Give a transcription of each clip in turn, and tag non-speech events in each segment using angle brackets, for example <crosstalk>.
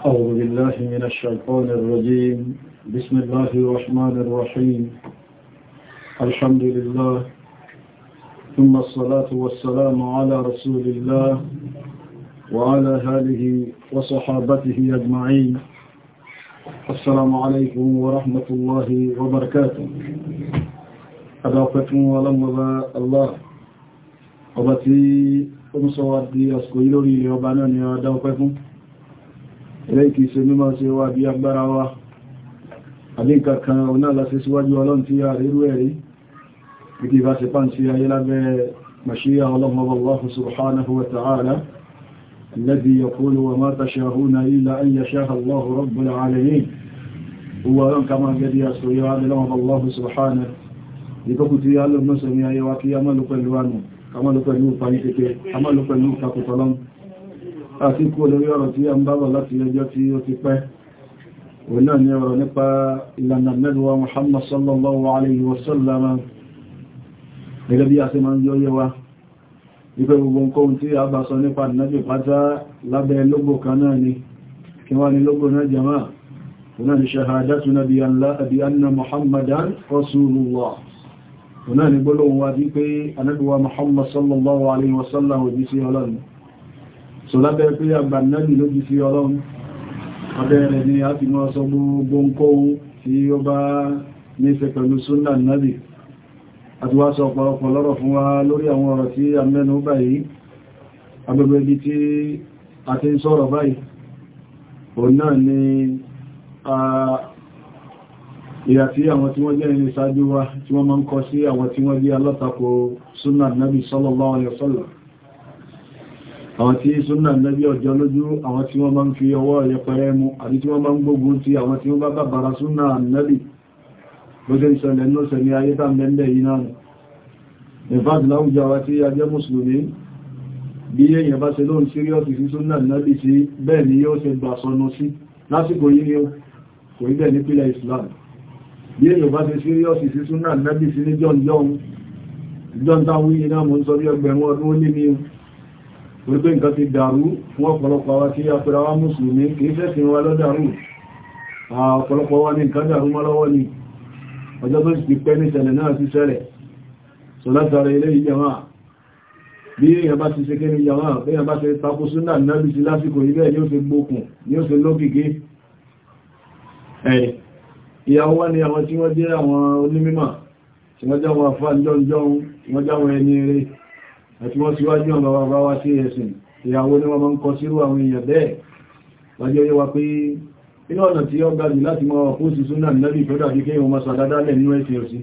أعوذ بالله من الشيطان الرجيم بسم الله الرحمن الرحيم الحمد لله ثم الصلاة والسلام على رسول الله وعلى آله وصحابته أجمعين السلام عليكم ورحمة الله وبركاته أدعوكم ولمضى الله أبتي أمسوا الدي أسكيلوني لأباناني أدعوكم ẹlẹ́kìí ṣe mímọ̀ ṣe wà bí agbára wa àdíkà kan oná lásẹ̀ síwájú ọlọ́run tí a rírú ẹ̀rí ìdí الله والله سبحانه وتعالى الذي يقول وما تشاهون إلا أن يشاء الله رب العالمين هو أن كما قد يسوي لهم الله سبحانه يتكتي على المسلم يا يواكي أمل قلوانه أمل قلوه فانيكي أمل قلوه فاكتلون àti kú olórí ọ̀rọ̀ tí a ń bá bọ̀ láti ẹjọ́ tí ó ti pẹ́ òun náà ni ọ̀rọ̀ nípa ìlànà mẹ́lúwa Muhammad sallallahu alayhi wa sallam gẹ́gẹ́ bí a ṣe máa ń jọ yé wa ipẹ́ gbogbo nǹkan tí a bá sọ nípa ìnájú pátá lábẹ́ lógbò kan náà ni kí wá ní lógbò náà jama òun so lábẹ́ pé àgbà náàbì ló fi sí ọlọ́run abẹ́rẹ̀ ni a ti mọ́ sọ gbogbo nǹkan tí ó bá ní ṣe pẹ̀lú súnnà náàbì àti wá sọ ọ̀pọ̀lọpọ̀ lọ́rọ̀ fún wa lórí àwọn ọ̀rọ̀ tí a mẹ́nu báyìí agbègbè ibi tí a ti ń sọ̀rọ̀ báyìí àwọn tí súnà nẹ́bí ọjọ́ lójú àwọn tí wọ́n máa ń fi ọwọ́ yẹpẹrẹ mú àti tí wọ́n máa ń gbógun ti àwọn tí wọ́n bá bàbára súnà nẹ́bí lóṣe ìṣẹ̀lẹ̀ lóṣẹ̀ ní ayé tá mẹ́lẹ̀ yìí náà ìfàtí láwùjọ wa tí a jẹ́ mùsùlùmí bí èyàn bá ṣe lóhun síríọ́sì sí súnà nẹ́bí sí bẹ́ẹ̀ ni yóò ṣe gbà sọnù sí lásìkò ni kò ní bẹ́ẹ̀ nípìlẹ̀ Islam bí èyàn bá ṣe síríọ́sì wípé nǹkan ti dàrú fún ọ̀pọ̀lọpọ̀ wa tí apẹ̀rẹ̀ wa mùsùlùmí kìí fẹ́sìn wa lọ dàrú ọ̀pọ̀lọpọ̀ wa ní nǹkan dàrú mọ́lọ́wọ́ ni ọjọ́ tó sì pẹ́ ní ṣẹlẹ̀ náà ti ṣe kéré ìjọmá bí èyàn bá ṣe tako súnà náàbí sí lásìkò ilé ni ó ṣe gbókùn ni ó ṣe lókìkí ìyàwó wá ní àwọn tí wọ́n jẹ́ àwọn onímímà tí wọ́n jáwọn afá jọ́njọ́un tí wọ́n jáwọn ẹni àti wọ́n síwájú ọmọ bàbá wá sí ẹ̀sìn ìyàwó ní wọ́n mọ́ ń kọ sírú àwọn èèyàn bẹ́ẹ̀ wájú ọyẹ́ wa pé inú ọ̀nà tí ó gbájú láti mọ́ ọkú sí súnà nẹ́bì tó dàbí kí wọ́n máa sàdádá lẹ̀ nínú ẹ̀sìn òsì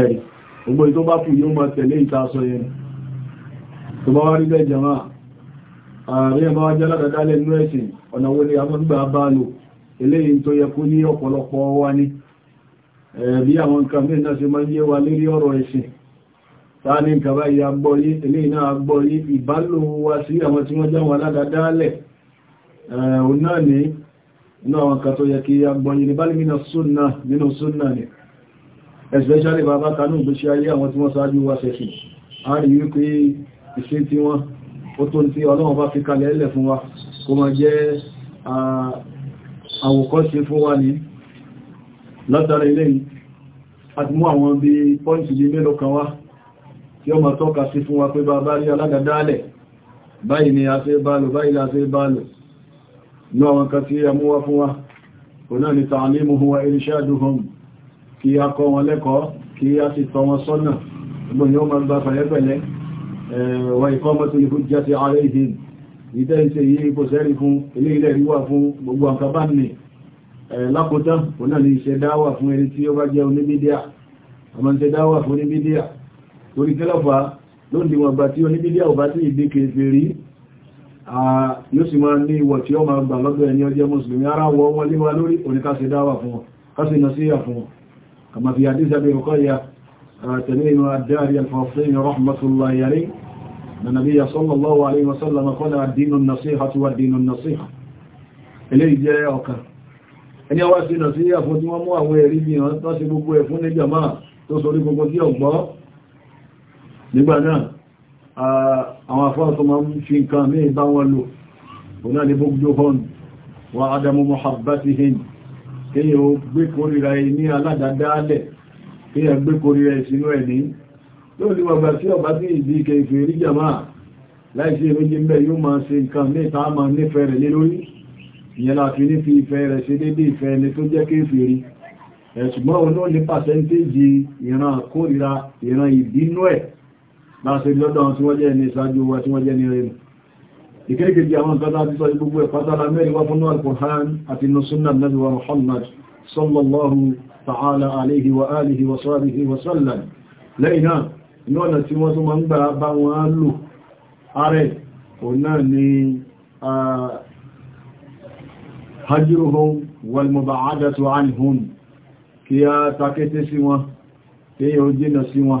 ẹ̀rì gbogbo tó bá kù yóò máa tẹ̀lé ìta sọ yẹn tó bá wá rí bẹ́ẹ̀ jama ààrẹ máa jẹ́ ládàdá lẹ̀ nínú ẹ̀sìn ọ̀nà wo ni amọ́gbà bá lò eléyìí tó yẹ kó ní ọ̀pọ̀lọpọ̀ wa ní bí àwọn nǹkan mìíràn ṣe máa ń yé wa lérí ọ̀rọ̀ ẹ̀sìn táà ní kàbá ìyá gbọ́yí ilé iná gbọ́yí ìbálò wa sí àwọn tí wọ́n jáwọn aládádálẹ̀ òun náà ní inú àwọn kan tó yẹ kí a gbọ́yí ní bá nínú súnnà nínú súnnà ni especially bàbá kanú ìgbésí ayé àwọn tí wọ́n sáájú wa sẹ̀sìn a rí wípé ìṣe tí wọ́n ó tó ti àti mú àwọn bí pọ́ǹtì yìí mélòó kan wá tí ó ma tọ́ka sí fún wa pé bá bá rí alágadálẹ̀ báyìí ni a fẹ́ bálò báyìí la fẹ́ bálò ní àwọn kan tí a mú wá fún wa kò náà ni ta'limuhum wa irshaduhum kí a kọ́ wọn lẹ́kọ̀ọ́ kí a sì tọ́ wọn sọ́nà gbogbo ni ma gba pẹ̀lẹ́pẹ̀lẹ́ eh, wa iqamatul eh, fún ẹni tí ó bá jẹ́ oníbídíà torí kílọ́fà ló ń di wọn gbà tí oníbílẹ̀ ọba tí ìdí kèfè rí yóò sì máa ní ìwọ̀ tí ó máa gbà lọ́dọ̀ ẹni ọjẹ́ mùsùlùmí ara wọ wọn léwa lórí oníkásẹ̀ dáwà fún wọn kásẹ̀ nà sí yà fún wọn kàmà fi àdísà bí ọkọ̀ ya tẹ̀lé inú àdáàrí alfàfẹ́yìn rahmatullahi alayhi na nabiyya sallallahu alayhi wa sallam qala ad-dinu an-nasihatu wa fún tí wọ́n nígbà náà àwọn afọ́ tó máa ń fi nǹkan ní ìbá wọn lò ọ̀nà ní bókjó hàn wà ádámù muhabbatihin kíyàn ó gbé kórìíra ní aládádálẹ̀ kíyàn gbé kórìíra ìsinú ẹ̀ní tó ní wà gbà sí ọba tí ìdí ike ìfẹ́ rí jàmá láìsí méjì mẹ́ yóò máa ṣe nǹkan ní ìta máa nífẹ́ rẹ̀ lé ìyẹn láti ní fi ìfẹ́ rẹ̀ ṣe dédé ìfẹ́ ẹni tó jẹ́ kéfèrí ẹ̀sùgbọ́n òun pàṣẹ́ntéjì ìran kórìíra ìran ìbínú ẹ̀ láti lọ́dọ̀ tí wọ́n jẹ́ ní ìsájú wa tí wọ́n jẹ́ ní rẹ̀ ìkérékèjì àwọn tọ́lá ti sọ gbogbo ẹ̀ pátálà mẹ́rin wá fún al-Qur'an àti nùsúnnà Nabi wa Muhammad sallallahu ta'ala alaihi wa alihi wa sahbihi wa sallam lẹ́yìn náà ní ọ̀nà hajruhum wal muba'adatu anhum kí a takété sí wọn kí yóò jìnà sí wọn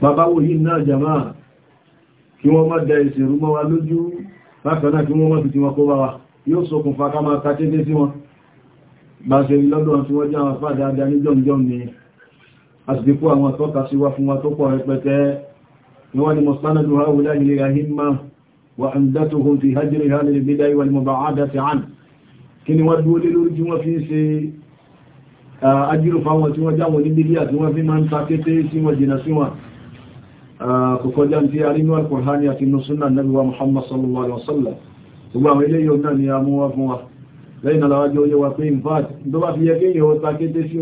bàbá wòyí náà jàmá kí wọ́n má da ìṣèrú mọ́ wa lójú bákanáà kí wọ́n má fi wọn kó bá wa yóò sókùn fa ká máa kàtẹ́gbé sí wọn bá ṣe rí lọ́dọ̀ tí wọ́n já wọn fà dáadáa ní jọmjọm ni a sì kó àwọn tọ́ka sí wa fún wa tó pọ̀ rẹpẹtẹ ni wọ́n ni mustanadu haula ilé rahimma wa andatuhum fi hajjiri ń ṣe kòkọjá tí a rí ní Al-Qur'ani àti inú súnà nẹ́gbẹ̀wà Muhammad sallallahu alaihi wasallam gbogbo àwọn ilé yóò náà ni a mú wá fún wa lẹ́yìn aláwájọ́ yẹ wa pé infact tó bá fi yẹ kí èyàn sí kí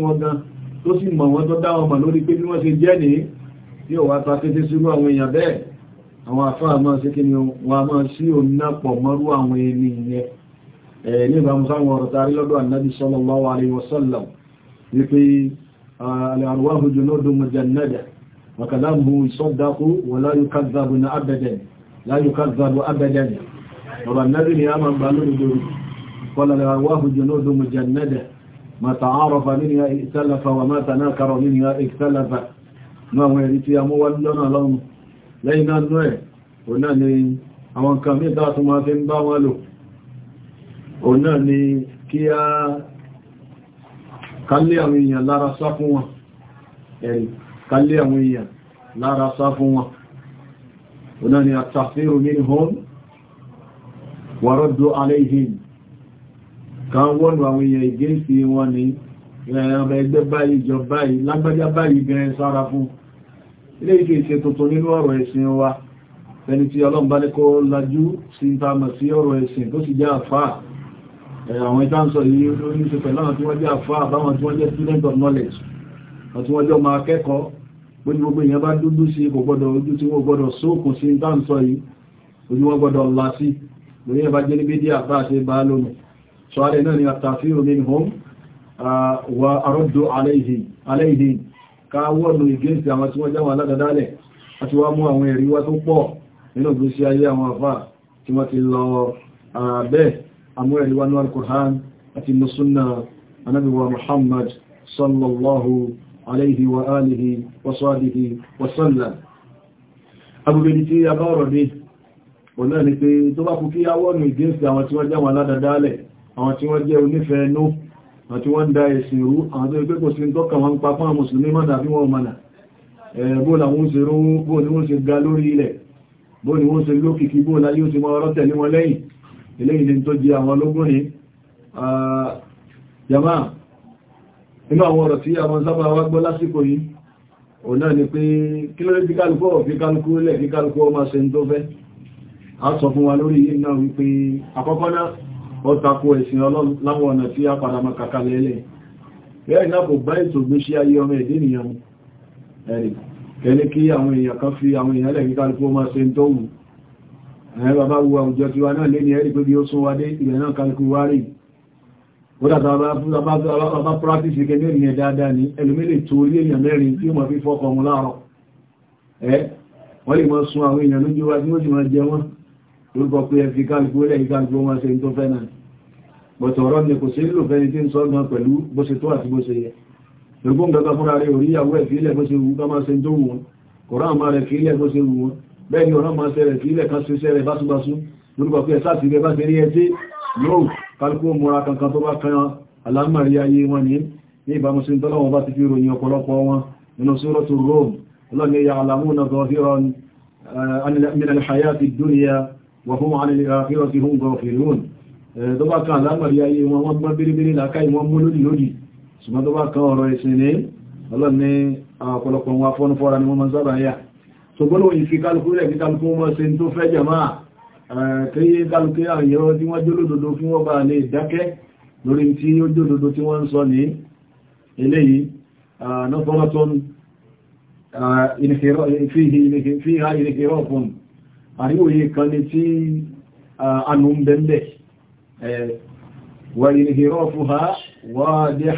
ni wọ́n máa sí òmìnà pọ̀ mọ́rú àwọn ènìyàn ní ìbámu sáwọn ọ̀rọ̀ tarí lọ́dọ̀ annabi sallallahu alaihi wasallam wípé al-arwahu junudun mujannada وكلامه يصدق ولا يكذب أبدا لا يكذب أبدا ọ̀rọ̀ nẹ́bí ni a máa gbà lórí lórí kọlọ̀lẹ̀ àwọ́hù jùlọ́dún mùjẹ̀nẹ́dẹ̀ ma ta àárọ̀fà nínú ya ìtẹ́lẹ̀fà wà máa tàná karọ̀ nínú ya ìtẹ́lẹ̀fà ní àwọn èrí tí a mọ́ wọ́n lọ́nà lọ́nà lẹ́yìn náà nú ẹ̀ o náà ni àwọn kan mí dáàtún máa fi ń bá wọn lò o náà ni kí a kálé àwọn èèyàn lára sá fún wọn ẹ̀rí kálé àwọn èèyàn lára sá fún wọn ọ̀nà ni àtàfíru minhum wa raddu alayhim kan wọ́nù àwọn èèyàn ìgéǹsì wọn ni ẹ̀rọ ẹgbẹ́ báyìí jọ báyìí lágbájá báyìí gẹ̀ẹ́ sára fún ilé ìfẹ́ ìṣẹ́ tuntun nínú ọ̀rọ̀ ẹ̀sìn wa ẹni tí ọlọ́mbá ní kó lajú sí ìtàmà sí ọ̀rọ̀ ẹ̀sìn tó sì jẹ́ àfáà àwọn ìtànsọ̀ yìí lórí ìṣẹ́fẹ̀ láwọn tí wọ́n jẹ́ àfáà báwọn tí wọ́n jẹ́ student of knowledge àti wọ́n jọ máa kẹ́kọ̀ọ́ bó ní gbogbo èèyàn bá dúdú sí kò gbọ́dọ̀ ojú tí wọ́n gbọ́dọ̀ sókùn sí dáǹsọ yìí ojú wọ́n gbọ́dọ̀ ńlá sí lórí ẹ̀bá jẹ́ níbi díà bá ṣe bá lónìí sọ alẹ́ náà ni àtàfíò ní hom wa arọ́dọ̀ aláìhìn ká wọ́nù ìgbésí àwọn tí wọ́n jáwọn aládàdálẹ̀ àti wá mú àwọn ẹ̀rí wá tó pọ̀ nínú ìgbésí عليه وآله وصحبه وسلم أبو بنتي يا باربي òun náà ni pé tó bá kú kí awọ́nù ìgbésí àwọn tí wọ́n jẹ́ wọn aládàdálẹ̀ àwọn tí wọ́n jẹ́ onífẹ́ẹnú àwọn tí wọ́n ń da ẹ̀sìn rú àwọn tó pé kò sí ń tọ́ka wọn papá àwọn mùsùlùmí mọ́dà bí wọ́n mọ́nà bó làwọn ṣe rú bó ni wọ́n ṣe ga lórí ilẹ̀ bó ni wọ́n ṣe lókìkí bó láyé ó ti mọ ọ̀rọ̀ tẹ̀lé wọn lẹ́yìn eléyìí ni tó jẹ àwọn ológun ni ah, jama inú àwọn ọ̀rọ̀ tí àwọn sábà wá gbọ́ lásìkò yìí ò náà ni pé kí ló rí bí kálukú ọ̀ fi kálukú lẹ̀ kí kálukú ọmọ ṣe ń tó fẹ́ a sọ fún wa lórí yìí náà wípé àkọ́kọ́ náà ó tako ẹ̀sìn ọlọ́run láwọn ọ̀nà tí a padà máa kàkà lẹ́lẹ̀ bẹ́ẹ̀ náà kò bá ètò ìgbésí ayé ọmọ kódàtà ọba practice ìkẹ́ mẹ́rin yẹn dáadáa ní ẹlùmílẹ̀ tó orí èèyàn mẹ́rin tí ó mọ̀ fi fọ́kọ mú láàrọ̀ ẹ́ wọ́n lè mọ́ sun àwọn èèyàn lójú wá tí wọ́n sì máa jẹ wọ́n lórúkọ pé ẹfi kálùkú lẹ́yìn kálùkú wọ́n ṣe tó fẹ́ náà ni kò sí lò fẹ́ni tí ń sọ gan pẹ̀lú bó ṣe tó àti bó ṣe yẹ gbogbo nǹkan kan fúnra rẹ̀ oríyàwó ẹ̀ fílẹ̀ bó ṣe wù ká máa ṣe tó wù wọn kọ̀rọ̀ àmà rẹ̀ fílẹ̀ bó ṣe wù wọn ni ọ̀rọ̀ máa kálùkù múra kankan tó bá kan alámàrí ayé wọn ní ní ìbámu sí tọ́lọ́wọ́n bá ti fi ròyìn ọ̀pọ̀lọpọ̀ wọn nínú súrọ́tù Rum ọlọ́ni ya'lamuna zahiran min al-hayati ad-dunya wa hum 'an al-akhirati hum ghafilun tó bá kan alámàrí ayé wọn wọ́n gbọ́n bíríbírí làkáì wọ́n mú lódì lódì ṣùgbọ́n tó Eh, kéyé kálùké àyẹ́wọ́ tí wọ́n jólódodo kí wọ́n bá lè dákẹ́ lórí tí ó jólódodo tí wọ́n ń sọ ní eléyìí nọ́tọ́rọ́tún fíha ìrìnkèrọ́ fún àríwòye kan ní tí eh, anú bẹ̀m̀bẹ̀ eh, wà ìrìnkèrọ́ fún ha wà dẹ̀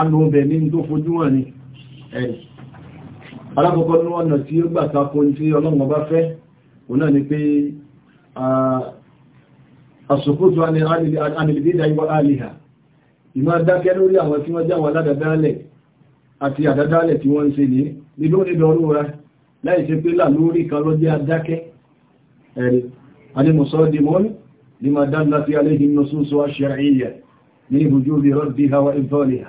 anú bẹ̀ ní tó fojú wọn ni alákọ̀ọ́kọ́ ní ọ̀nà tí ó gbà takò tí ọlọ́run bá fẹ́ náà ni pé àṣòkótó anìlìdídà ìwà àlìhà ìmá dákẹ́ lórí àwọn tí wọ́n jáwọn aládàdálẹ̀ àti àdádálẹ̀ tí wọ́n ń ṣe ní nílò nídọrú ra láì ṣe pé là lórí kan ló jẹ́ adákẹ́ ẹ̀rì alimọ̀sọ́dìmọ́n ní ma dá láti aléhìn nọ́sọ́sọ́ aṣẹ́rẹ̀ẹ́yẹ ní ìbùjú bí rọ́dí hawa ìfọ́lìhà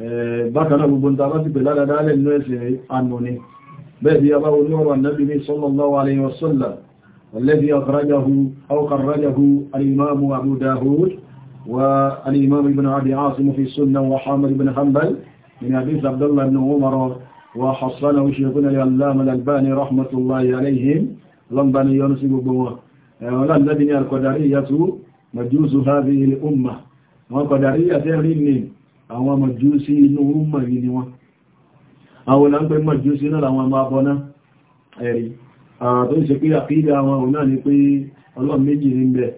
Eh, bákanáà gbogbo ta bá ti pè ládádálẹ̀ nínú ẹ̀sẹ̀ ànú ni bẹ́ẹ̀ bí abáwo ní ọ̀rọ̀ annabi ní sallallahu alaihi wasallam alladhi akhrajahu aw kharrajahu al-imam abu dawud wa al-imam ibn abi asim àwọn màjúsí inú rúmà yìí ni wọ́n àwọn olóńgbẹ́ màjúsí náà làwọn ọmọ abọ́ná ẹ̀rí tó ń ṣe pé àkídà àwọn òun náà ni pé ọlọ́run méjì ní bẹ̀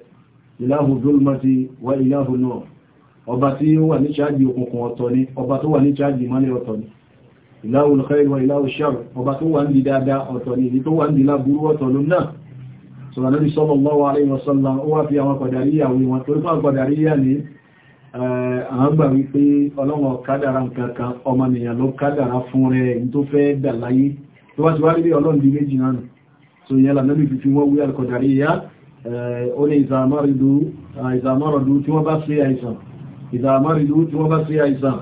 ìláhù dúlmọ́tí wà ìláhù náà ọba tí ó wà ní ṣáàjì ni ọba tó wà ní ṣáàjì ni ìláhù lọ́kẹ́ ìláhù ṣàr ọba tó wà ń di dáadáa ọ̀tọ̀ ni di láburú ọ̀tọ̀ ló náà sọ̀rọ̀ lórí sọ́lọ́lọ́wọ́ alẹ́ ìwọ̀sọ́lá ó wá fi àwọn kọ̀dàríyà wí Eh, àwọn gbà wípé ọlọ́wọ̀ kádàrà nǹkankan ọmọnìyàn ló kádàrà fún rẹ̀ tó fẹ́ dà láyé tó wá ti wá rí ọlọ́ndì méjì náà so yẹ́ là lórí fífi wọ́n wí alkọ̀dàrí ya eh, ó ní ìzàmọ́rọ̀dú tí wọ́n bá sí àìsàn ìzàmọ́rọ̀dú tí wọ́n bá sí àìsàn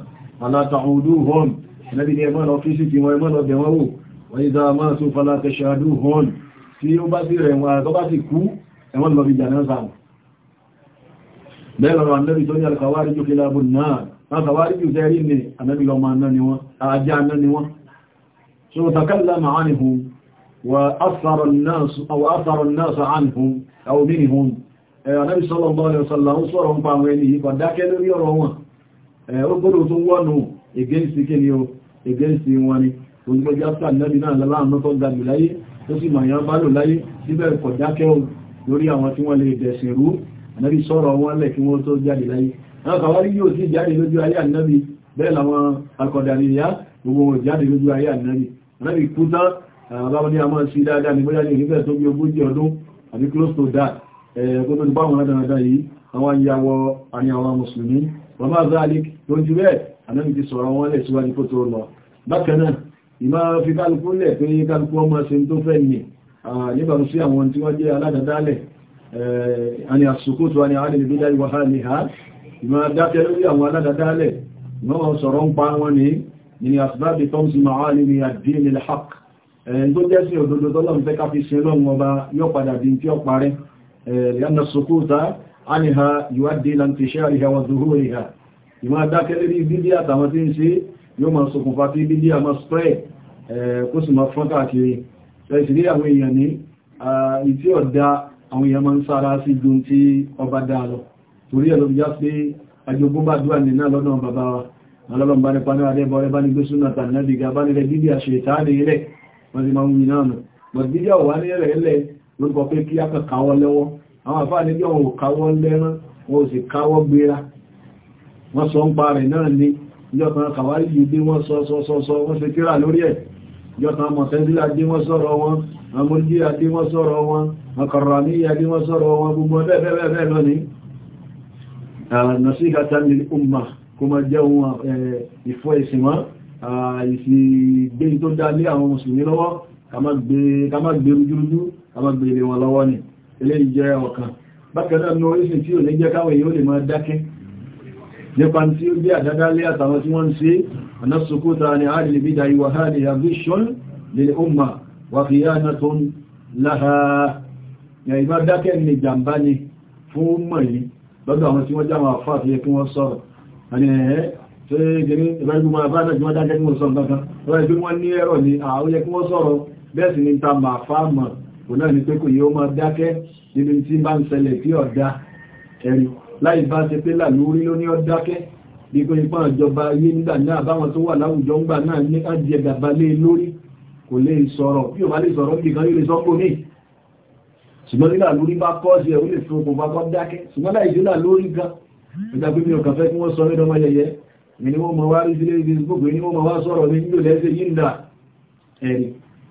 alátàhùdú hòn lẹ́bí ní ẹmọ́ lọ kí sí ti wọ́n ẹmọ́ lọ bẹ̀wọ́n wò wọ́n ìzàmọ́ tó falatẹ̀ṣàdú hòn tí ó bá sí rẹ̀ wọ́n àtọ́bá sì kú ẹmọ́ lọ bí jà náà sàmù bẹ́ẹ̀rọ annabi tó ní alkawariju kilabu náà alkawariju zẹ́rí ni annabi lọ ma náà ni wọ́n ajá náà ni wọ́n so takallama anihum wa asara an-nas aw asara an-nas anhum aw minhum annabi sallallahu alaihi wasallam sọ̀rọ̀ ń pa àwọn ẹni yìí kọ̀dákẹ́ lórí ọ̀rọ̀ wọn ó gbọ́dọ̀ tó wọ́nù ìgẹ́nsì kí ni ó ìgẹ́nsì ànábì sọ̀rọ̀ wọn lẹ̀ kí wọ́n tó jáde láyé àwọn kàwárí yóò sí jáde lójú ayé ànábì bẹ́ẹ̀ làwọn akọ̀dàníyà gbogbo wọn jáde lójú ayé ànábì ànábì kú tán àbáwọn ní a máa sí dáadáa close to that ẹ̀kọ́ tó ti bá wọn dáadáa yìí àwọn ìyàwó àní àwọn mùsùlùmí wọ́n máa záàlì tó ti bẹ́ẹ̀ ànábì ti sọ̀rọ̀ wọn lẹ̀ síwájú kó tó lọ bákan náà ìmá fi kálukú lẹ̀ pé kálukú ọmọ ṣe tó fẹ́ nì nígbà sí àwọn tí wọ́n jẹ́ aládàdálẹ̀ àni àsùkútù àni àwọn ìbílá ìwọ̀há ní ha ìmọ̀ dákẹ́ lórí àwọn aládádálẹ̀ wọ́n sọ̀rọ̀ ń pa wọn ní ní àsìbábi tó ń sì máa ní ní àdínil haq ẹ̀yìn eh, tó jẹ́ sí òdòdó tọ́lọ́m fẹ́ káfí ṣe lọ́wọ́ bá yọ́ padà bí tí ó parẹ́ lẹ́nà sùkúta àníha ìwádìí lantíṣẹ́ àríhà wà zuhú ríhà ìmọ̀ dákẹ́ lórí bíbí àtàwọn tí ń ṣe yóò máa ṣokùnfà tí bíbí àmọ́ spray eh, kó sì máa fọ́n káàkiri ẹ̀sìn ní àwọn èèyàn ní ah, ìtí ọ̀dá àwọn èèyàn máa ń sára sí ju tí ọba dáa lọ torí ẹ̀ ló fi já pé àjogún bá dúà nínú lọ́nà bàbá wa ọlọ́run bá ní paná adébọ̀rẹ́ bá ní gbé súnà tàbí gàbá nílẹ̀ bíbí àṣẹ ìtaàdé ilẹ̀ wọ́n ti máa ń yìí náà nù bọ̀dídíà wà ní ẹ̀rẹ̀ ilẹ̀ lórúkọ pé kí á kàn káwọ́ lẹ́wọ́ àwọn àfáà ní bí wọn ò káwọ́ lẹ́rán wọn ò sì káwọ́ àmúrjíyà tí wọ́n sọ̀rọ̀ wọn àkàràníyà tí wọ́n sọ̀rọ̀ wọn gbogbo bẹ́ẹ̀bẹ́ẹ̀ lónìí nasihatan lil umma kó ma jẹ́ ohun ìfọ́ ìsìnmá ìsìgbé tó dá lé àwọn mùsùlùmí lọ́wọ́ ká má gbé rújúrújú ká má gbé ilé wọn lọ́wọ́ ni ilé ìjẹ́ ọ̀kan bákanáà ní orísìn tí ò ní jẹ́ káwọn èèyàn lè máa dákẹ́ nípa tí ó bí àdádálé àtàwọn tí wọ́n ń ṣe anásùkúta ni àrílẹ̀ ìwà hàn àbíṣọ́n lè ó máa wàfíyánàtún láha ìyàìmá dákẹ́ ní ìjàmbá ni fún mọ̀ yìí lọ́dọ̀ àwọn tí wọ́n já wọn àfá àti ẹkùn wọn sọ̀rọ̀ àni ẹ̀ẹ́ tó gẹ̀rẹ́ ìbájú wọn ni àwọn ẹkùn wọn sọ̀rọ̀ bẹ́ẹ̀ ni ta mà fá mọ̀ kò náà ni pé kò yíó máa dákẹ́ níbi tí bá ń ṣẹlẹ̀ tí ọ̀dá ẹ̀rì láì bá ṣe pé làlórí ló ní ọ dákẹ́ bí kò ní pọ́n ìjọba ayé nígbà náà báwọn tó wà láwùjọ ńgbà náà ní á lórí kò lè sọ̀rọ̀ bí o bá lè sọ̀rọ̀ nìkan yóò lè sọ́pọ̀ ní ṣùgbọ́n nílà lórí bá kọ́ sí ẹ̀rú lè fún ọkùnfà kọ́ dákẹ́ ṣùgbọ́n láì sí lórí gan ẹgbẹ́ pé mi ò kàfẹ́ kí wọ́n sọ mẹ́dọ́mọ́ yẹyẹ mi ni wọ́n mọ̀ wá rí sílé Facebook ni wọ́n mọ̀ wá sọ̀rọ̀ ní nílò lẹ́sẹ̀ yìí nà ẹ̀rì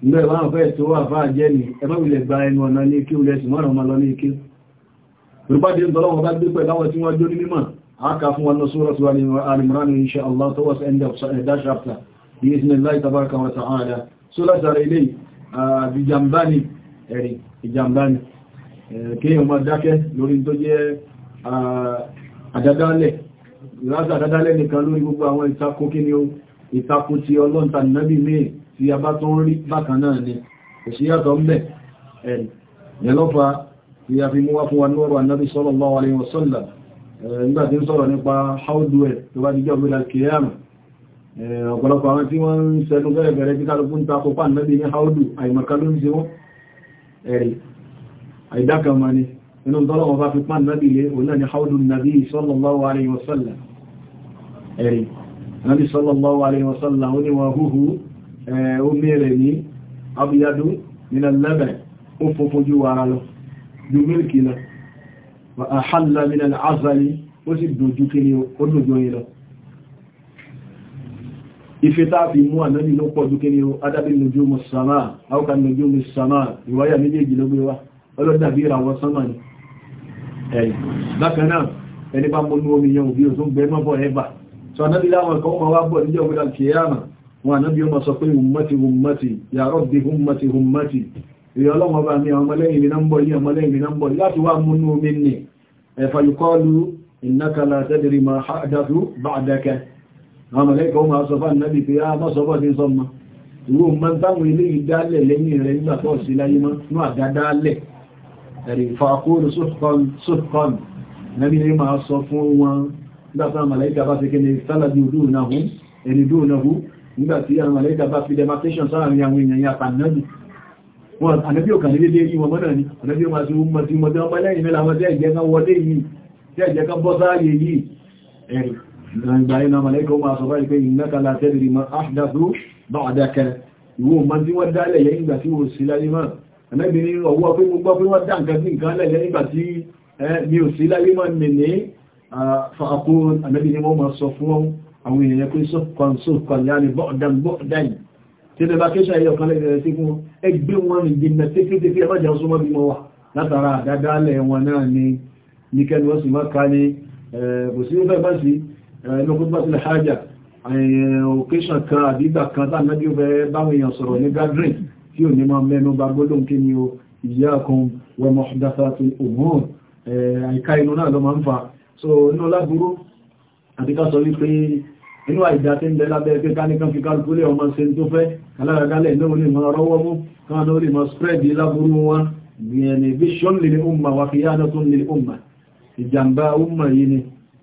nígbà ìwà àwọn fẹ́ tó wà fáà jẹ́ ni ẹ má wulẹ̀ gba ẹnu ọ̀nà ní ike ulẹ̀ sì mọ́ràn ọmọ ní ike rúbádé ń tọ́lọ́wọ́ bá gbé pẹ̀lú àwọn tí wọ́n jó ní mímọ̀ àáka fún wọn sọ́rọ̀ tí wọ́n ní alìmọ̀ránù insha Allah towards end of uh, that chapter bí ìsinmi láì tabaka wa ta'ala so látara ilé ìjàmbá uh, ni ẹ̀rì ìjàmbá ni eh, kéèyàn máa dákẹ́ lórí tó jẹ́ uh, àdádálẹ̀ láti àdádálẹ̀ nìkan lórí gbogbo àwọn ìtakò kí ni ó ìtakò ti ọlọ́ntà nábì míì tí a rí bákan náà ni kò sí wa lọ́rọ̀ sallallahu alaihi wasallam eh, nígbà tí ń sọ̀rọ̀ nípa haudu Eh, ọ̀pọ̀lọpọ̀ àwọn tí wọ́n ń sẹ́nu gẹ́rẹ̀gẹ̀rẹ̀ tí kálùkú ń takò pà náà bí ní haúdù àìmọ̀ká ló ń ṣe wọ́n ẹ̀rì àìdákàmà ni inú tọ́lọ́wọ́ bá fi pàn náà bí òun náà ni nàbí sallallahu alaihi wasallam ẹ̀rì nàbí sallallahu alaihi wasallam ó ní wọn húhú eh, ó abiyadu nínú lẹ́bẹ̀ ó funfun ju wàrà lọ ju mílìkì azali ó sì dùn ju ìfẹ́ tá fi mú ànábì ló pọ̀ dúkẹ́ ní adábí lójú mọ̀ sàmà áwọ́ká lójú mọ̀ sàmà ìwáyà méjèèjì ló gbé wá ọlọ́dàbí ìràwọ̀ sánmà ni ẹ̀yìn bákanáà ẹni bá mọ́nú omi yẹn òbí òtún bẹ́ẹ̀ mọ́bọ̀ ẹ̀bà so ànábì láwọn ẹ̀kọ́ wọn wá bọ̀ níjọ́ wíra kìíyàmà wọn ànábì ọmọ sọ pé ummati ummati ya rabbi ummati ummati ìyá ọlọ́mọ bá àwọn mọ̀lẹ́kọ̀ọ́ máa sọ fún ànábì pé a ah, bọ́ sọ́bọ̀ sí sọ́mọ ìwò mọ́ táwọn ilé ìdálẹ̀ lẹ́yìn rẹ̀ nígbà tó sí láyé mọ́ ní àdádálẹ̀ ẹ̀rì fàkóòrò sọ́kọ̀n nàbí ní máa sọ fún wọn nígbàtà mọ̀lẹ́kà bá fi kéde sálàdì òdúnàhú nígbàtí àwọn mọ̀lẹ́kà bá fi demarcation sáàrin àwọn èèyàn yà pàdánù wọn ànábí ò kàlẹ́ lé ìwọ̀n mọ́nà ni ànábí ò máa ti wọ́n mọ́ tí wọ́n tẹ́ ìgbàyínà mọ̀lẹ́kọ́ máa sọ báyìí pé innaka la tadri ma ahdathu ba'daka ìwò ma tí wọ́n dálẹ̀ yẹ nígbà tí wọ́n sí láyé máa ẹ̀mẹ́bìn ní ọwọ́ pé mo gbọ́ pé wọ́n dá nǹkan sí nǹkan lẹ́yẹ nígbà tí mi ò sí láyé máa mi ní fàákó ẹ̀mẹ́bìn ni wọ́n máa sọ fún àwọn èèyàn pé sọ́kàn sọ́kàn yáni bọ́ọ̀dán bọ́ọ̀dán tí ó bá kéṣà ẹyọ kan lẹ́yẹ sí fún ẹgbẹ́ wọn ìgbìmọ̀ tẹ́kẹ́tẹ́kẹ́ ẹgbẹ́jà súnmọ́ bí mo wà látara àdádálẹ̀ wọn náà ni ní kẹ́ni wọ́n sì má ká ní kò sí ó fẹ́ bá sí ẹlógúnbọ́ sílẹ̀ hajjá òkèṣàn kan àdígbà kan tánàbí ó fẹ́ báwọn èèyàn sọ̀rọ̀ ní gádùn tí ò ní máa mẹ́nu bá gbólóhùn kí ni o eh, ìyákan so inú lágbúrú àti ká sọ wípé inú àìdá tí ń bẹ lábẹ́ pé ká ní kan fi kálukúlé ọmọ ṣe tó fẹ́ aláragalẹ̀ náà lè máa rọ́wọ́ mú kan náà lè máa yìí ni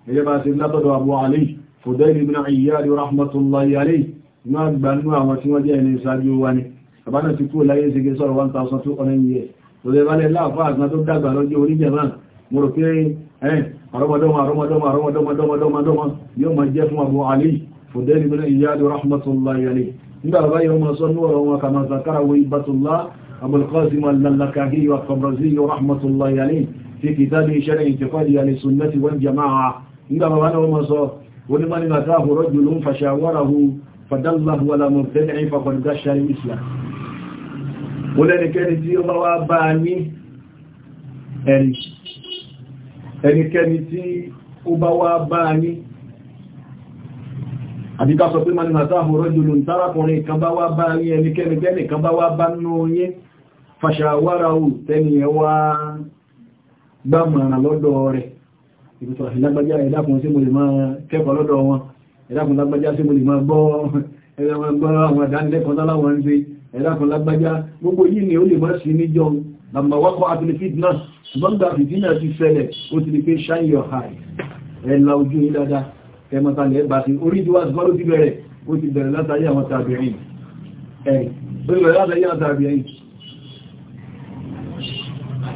ilé bá ti látọ̀dọ̀ Abu Ali Fudayl ibn Iyad rahmatullahi alayhi náà gbà nú àwọn tí wọ́n jẹ́ ẹni ìsájú wa ni àbánà ti kú láyé ṣe sọ́rọ̀ 1200 years tó lè balẹ̀ láàfá àgbà tó dàgbà lọ́jọ́ orí jẹ̀mà mo rò pé ẹ̀ àrọmọdọ́mọ àrọmọdọ́mọ àrọmọdọ́mọ yóò máa jẹ́ fún Abu Ali Fudayl ibn Iyad rahmatullahi alayhi nígbà bàbá yóò máa sọ núọ̀rọ̀ wọn kàmà zakara wa ibatullah nígbà bàbá náà wọ́n sọ onímọ̀ nígbà tá àhùrọ̀ jù ló ń fàṣà wọ́rahu fàdánláhu alamọ̀tẹ́lẹ̀ ìfàkọ̀dùgá ṣàrí islam ó lẹ́nikẹ́ni tí ó bá wá bá ní ẹni ẹnikẹ́ni tí ó bá wá bá màtá àhùrọ̀ jù ló ń tárakùnrin kan bá wá bá ní ẹnikẹ́ni gbàmọ̀ràn lọ́dọ̀ rẹ̀ ìbùsọ̀ ìlágbájá ẹ̀dàkùn sí mo lè máa kẹ́kọ̀ọ́ lọ́dọ̀ wọn ẹ̀dàkùn lágbájá sí mo lè máa gbọ́ àwọn àdánilẹ́kọ̀ọ́ láwọn ń ṣe ẹ̀dàkùn lágbájá gbogbo yìí ni ó lè má sí níjọ làmà wákọ̀ àtìlẹ́fìd náà ṣùgbọ́n gbà fìdí náà ti ṣẹlẹ̀ ó ti di pé shine your eye ẹ̀la ojú yìí dáadáa kẹmọtalẹ̀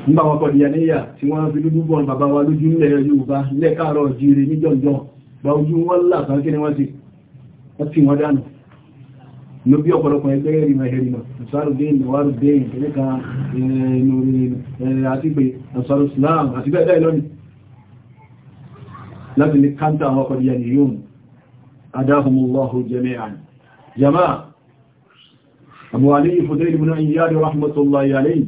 nígbà wọn kọ̀dìyà níyà tí wọ́n fi dúdú bọ́ọ̀n bàbá wa lójú nílẹ̀ Yorùbá nílẹ̀ káàrọ̀ jíire ní jọjọ bá ojú wọn làtàn kí ni wọ́n ti tí wọ́n dánù ló bí ọ̀pọ̀lọpọ̀ ẹgbẹ́ ìrìnà ìrìnà ìsárùdín ìwárùdín ìtẹ́lẹ́ka àti pé àṣàrù Islam àti bẹ́ẹ̀ bẹ́ẹ̀ lọ́nìí láti ní káńtà àwọn ọkọ̀dìyà Abu Ali Fudayl ibn Iyad rahmatullahi alayhi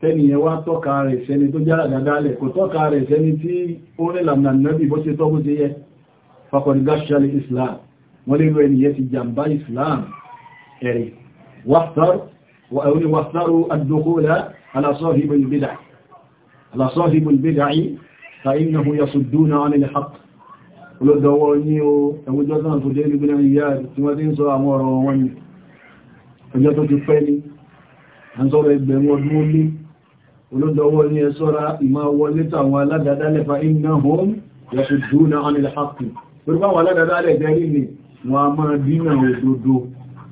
tẹ́niyàn wá tọ́ka rẹ̀ sẹ́ni tó jára dáadáalẹ̀ kò tọ́ka rẹ̀ sẹ́ni tí ó rẹ̀ lànà nẹ́bí bó ṣe tọ́bó ṣe yẹ fakọ̀dìgá ṣàlẹ̀ islam wọ́n lè rọ ẹniyẹ ti jàmbá islam ẹ̀rẹ̀ wàfẹ́rù àdókòlá alásọ́hìbùn bídáyí ta iná hù yasùdúnà ánìlẹ̀ haq olódọwọ́ ní o ẹwùjọ́ náà tó ti ń ni ọjọ́ ẹgbẹ̀rún ọdún ó lé olódọwọ́ ní ẹ̀ṣọ́ra ìmá wọlé tàwọn aládàdálẹ̀ fa iná home yẹ̀ṣù dúnà anil haqqi pẹ̀lú báwọn aládàdálẹ̀ gẹ́rí ni wọ́n a máa dínà òdodo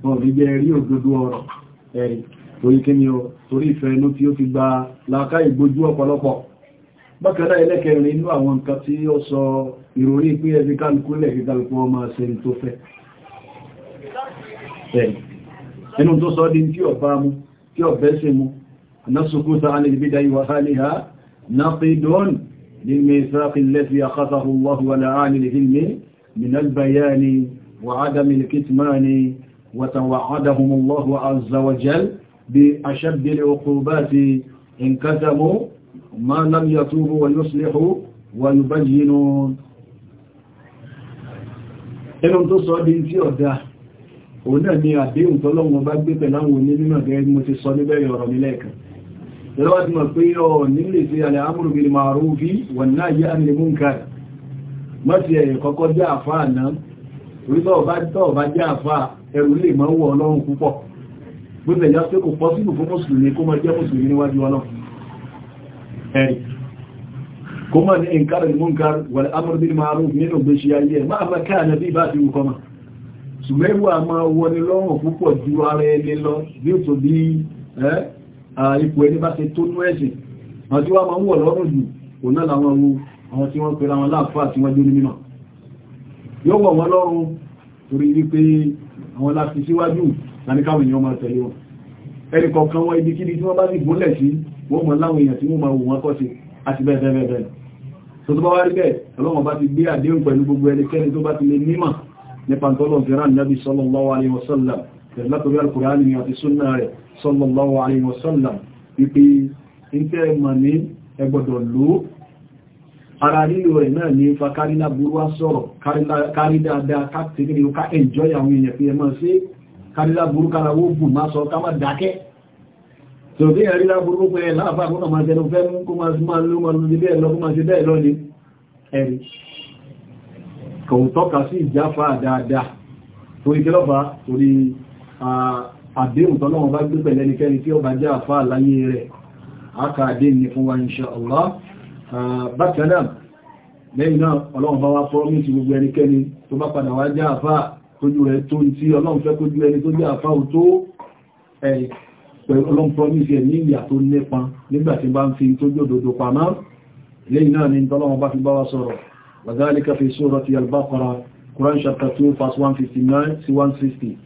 wọn fi jẹ́ rí òdodo ọ̀rọ̀ ẹ̀rì torí kí ni ó torí ìfẹ́ inú tí ó fi gba láàká ìgbójú ọ̀pọ̀lọpọ̀ bákaná ẹlẹ́kẹrin inú àwọn nǹkan tí ó sọ ìròrí النص عن البدع وأهلها نقد للميثاق الذي أخذه الله ولا آل العلم من البيان وعدم الكتمان وتوعدهم الله عز وجل بأشد العقوبات إن كتموا ما لم يتوبوا ويصلحوا ويبينوا ẹnu tó sọ bí tí ọ̀dá òun náà ni àdéhùn tọ́lọ́wọ́n bá gbé pẹ̀láwọn onímọ̀ gẹ́gẹ́ mo ti sọ níbẹ̀rẹ̀ ọ̀rọ̀ mi lẹ́ẹ̀kan lọ́wọ́ ti mọ̀ pé ọ nílé sí alẹ́ amúrù bil ma'rufi wan nahyi anil munkar mọ́sí ẹ̀yẹ̀ kọ́kọ́ jẹ́ àfá àná orítọ́ ọba jẹ́ àfá ẹrù lè mọ́ wọ ọlọ́run púpọ̀ gbogbo ẹ̀yà pé kò pọ́ sílù fún mùsùlùmí kó mọ́ jẹ́ mùsùlùmí níwájú ọlọ́run ẹ̀rì kó mọ́ ní inkar al-munkar wal amru bil ma'ruf nínú gbéṣi ayé ẹ̀ lọ́rùn púpọ̀ bí ipò ẹni bá ṣe tó ní ẹ̀sìn àwọn tí wá máa ń wọ̀ lọ́rùn jù kò náà làwọn wo àwọn tí wọ́n pẹ̀lú àwọn láàfáà tí wọ́n jó ní mímọ̀ yóò wọ̀ wọ́n lọ́rùn torí wípé àwọn láti síwájú láti káwọn èèyàn máa tẹ̀lé wọn ẹni kọ̀ọ̀kan wọn ibi kíbi tí wọ́n bá sì gúnlẹ̀ sí wọ́n mọ̀ láwọn èèyàn tí wọ́n máa wù wọ́n kọ́ sí àti bẹ́ẹ̀ bẹ́ẹ̀ bẹ́ẹ̀ tó tó sallallahu alayhi wa sallam wípé ìtẹ́ mọ̀ ní ẹgbọ̀dọ̀ ló ara nílò rẹ̀ náà ní fa kárílá burú wá sọ̀rọ̀ káàkiri ní ká enjoy àwọn èèyàn fi ẹmọ́ sí kárílá burú kára wó bù má sọ ká má dákẹ́ tòbí ẹ̀rílá burú pé láàfà kó kà máa jẹ́ ló fẹ́ mú kó máa súnmọ́ ló máa lóbi bẹ́ẹ̀ lọ kó máa ṣe bẹ́ẹ̀ lọ àdéhùn tọ́lọ́wọ́n bá gbé pẹ̀lẹ́ nìkẹ́ni tí ó bá jẹ́ àfá àláyé rẹ̀ aka àdéhùn ní fún wa insha Allah bákanáà lẹ́yìn náà ọlọ́run bá wá promise gbogbo ẹnikẹ́ni tó bá padà wá jẹ́ àfá tójú rẹ̀ tó ń tí ọlọ́run fẹ́ kójú ẹni tó jẹ́ àfá ò tó ọlọ́run promise ẹ̀ 2 verse 159 160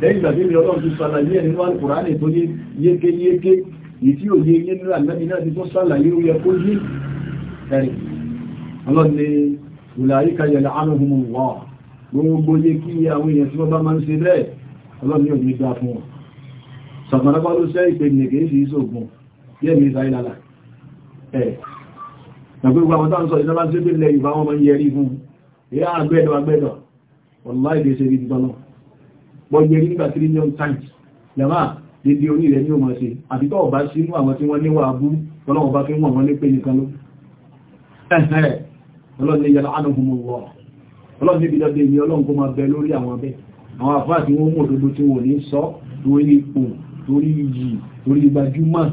lẹ́yìn ìgbàgbé mi ọlọ́run ti sàlàyé ẹ̀ nínú alùkùránì tó ní yékéyéké èyí tí òye yé nínú àlẹ́bí náà ti tó sàlàyé ó yẹ kó yé ẹ̀rìn ọlọ́run ni ìlàyé kayẹ̀lẹ̀ ánùhùn wọ́n gbogbo yé kí àwọn èèyàn tí wọ́n bá máa ń ṣe bẹ́ẹ̀ ọlọ́run ni òye gbà fún wọn sàmàlábá ló sẹ́ ìpè nìkè sí bọ́ yẹ nígbà trillion times yàmá dédé orí rẹ̀ ní òmọ̀ sí àtìkọ́ ọ̀bá sínú àwọn tí wọ́n níwà abú ọlọ́wọ́ bá fi wọ́n wọ́n lé pé nìkan ló ẹ̀ẹ́ ọlọ́run ní yàrá ánàhùnmọ̀ ọlọ́run níbi dọ́dé ní ọlọ́run kó máa bẹ lórí àwọn abẹ́ àwọn àfáà tí wọ́n mú òdodo tí wọ́n ní sọ torí ipò torí iyì torí gbajúmọ̀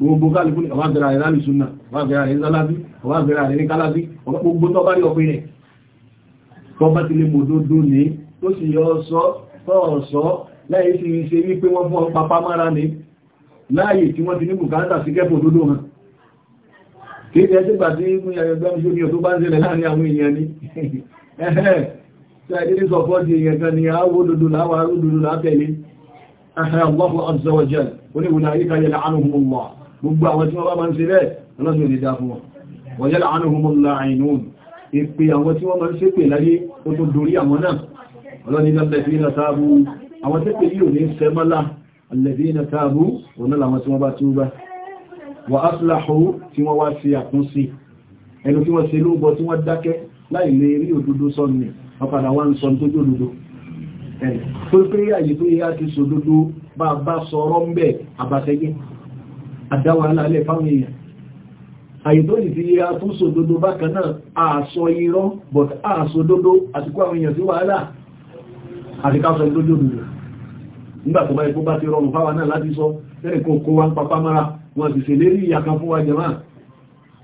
gbogbo kálukú àwọn àgbẹ̀rẹ̀ àrẹ lálùsúnà àwọn àgbẹ̀rẹ̀ àrẹ lálábí àwọn àgbẹ̀rẹ̀ àrẹ sọ́ọ̀sọ́ láyé ti ṣe wípé wọ́n fún papá mára ní láyé tí wọ́n ti ní bùkátà sí kẹ́kọ̀ọ́ òdodo wọn kí ẹ sígbà tí mú ayọ̀gbẹ́ mú ní ọdún bá ń ṣẹlẹ̀ láàrin àwọn èèyàn ní ṣàdédé kan ni àwọ̀ òdodo láwà òdodo látẹ̀lé Allahu azza wa jalla oníwòlá ayíká yẹlẹ anuhumullah gbogbo àwọn tí wọ́n bá máa ń ṣe bẹ́ẹ̀ ọlọ́sùn lè dá fún wọn wọ́n yẹlẹ anuhumullah àìnú ìpè àwọn tí wọ́n máa ń ṣépè láyé ó tó dorí àwọn náà ọlọ́nìyàn lẹ́fìnà táàbù àwọn tẹ́pẹ̀ yíò ní sẹ́mọ́lá lẹ́fìnà táàbù òun láwọn tí wọ́n bá túbá wà áṣìláhù tí wọ́n wá sí àkúnsí ẹnu tí wọ́n ṣe lóògbọ́ tí wọ́n dákẹ́ láì sọ tó jó dodo tó pé àyè tó yá ti sọ bá bá sọ̀rọ̀ ń bẹ̀ àbàtẹ́gẹ́ àdáwà alẹ́ fáwọn èèyàn àyè tó yìí ti yá tó sọ dodo àṣọ irọ́ but àṣọ dodo àwọn èèyàn àdíkásọ ìlójú òdòdó nígbà tó bá ikú bá ti rọrùn fáwa náà láti sọ ẹ̀kọ́ kó wá ń papá mara wọn sì ṣe lérí ìyàkan fún wa jẹ̀má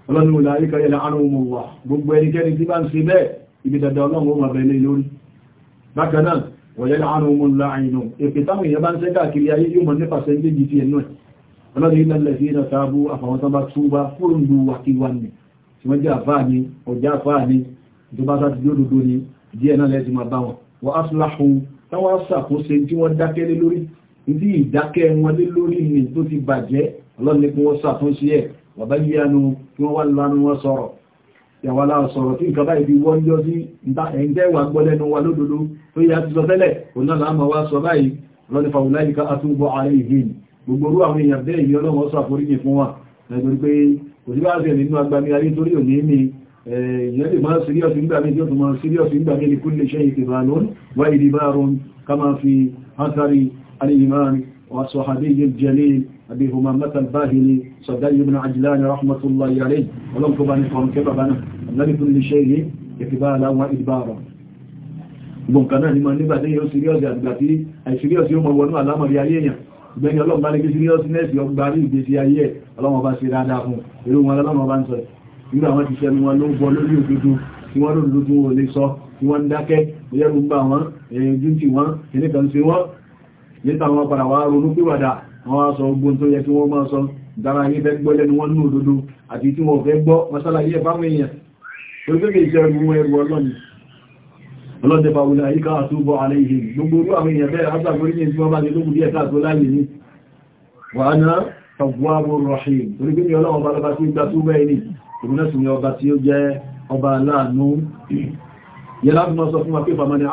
ọlọ́ni wò láàrí kẹrẹ láàrín ohun wà gbogbo ẹnikẹ́ni tí bá ń ṣe bẹ́ẹ̀ ibi dada ọlọ́run ó máa bẹ̀ lé lórí bákan náà wọ̀lẹ́ láàrín ohun láàrín èpè táwọn èèyàn bá ń ṣe káàkiri ayé yóò mọ̀ nípa ṣe méjì ti ẹ̀nà ọlọ́ni ilẹ̀ ilẹ̀ ni tí wọ́n ni ọjà àfáà ni ìjọba sá ti dódòdó ni díẹ̀ náà lẹ́sìn máa bá wọn wà áṣùláhù táwọn aṣàkóso tí wọ́n dákẹ́ lé lórí ìdí ìdákẹ́ wọn lé lórí ni tó ti bàjẹ́ ọlọ́ni kí wọ́n ṣàtúnṣe ẹ̀ bàbá yíyanu kí wọ́n wá lánú wọn sọ̀rọ̀ ìyàwó aláwọ̀sọ̀rọ̀ tí nǹkan báyìí bí wọ́n yọ sí ẹ̀ǹtẹ́ ìwà gbọ́lẹ́nu wa lódodo tó yá ti sọ tẹ́lẹ̀ òun náà láàmà wá ìyẹn lè máa síríọ́sì nígbà méjì ọdún máa síríọ́sì nígbà méjì kú lè ṣe ìtìbànún wà ìdìbàrún kama fi hankari alìyàn وصحابي الجليل أبي همامة الباهلي صدي بن عجلان رحمة الله عليه ولم تبان فهم كبابنا النبي كل شيء إقبالا وإدبارا gbọ̀nkaná ni ma nígbà tí yóò síríọ́sì àgbà tí àìsíríọ́sì yóò mọ̀ wọnú àlámọ̀rí ayé èèyàn gbẹ̀yìn ọlọ́mọ̀bá ní kí síríọ́sì nẹ́ẹ̀sì ọgbà ní ìgbésí ayé ọlọ́mọ̀bá sí dáadáa fún irú wọn ọlọ́mọ̀bá ń sọ̀rọ̀ nígbà wọ́n ti ṣẹnu wọn ló ń bọ lórí òdodo tí wọ́n lórí òdodo ò lè sọ tí wọ́n ń dákẹ́ ẹ̀yẹ́rù ń bà wọ́n ẹ̀yẹ́jú ti wọ́n kìnnìkan ṣe wọ́n níta wọn padà wá ronú pìwàdà àwọn aṣọ ogun tó yẹ kí wọ́n máa sọ dára yí fẹ́ gbọ́ lẹ́nu wọn ní òdodo àti tí wọ́n fẹ́ gbọ́ masálàyé ẹ̀fáwọn èèyàn tó gbé ìṣẹ́rù ẹrù ọlọ́ni ọlọ́dẹ̀bà wùlá yíká àtúbọ̀ alẹ́ ìhìn gbogbo tọ̀gbọ́n rọ̀hìm torí bí ní ọlọ́wọ́ bá lọ́bá tí ó gbá tó bẹ́ẹ̀ ní ìmúnẹ́sùn ni ọba tí ó jẹ́ ọba aláàánú yẹlá bí wọ́n sọ fún wa pé fàmàní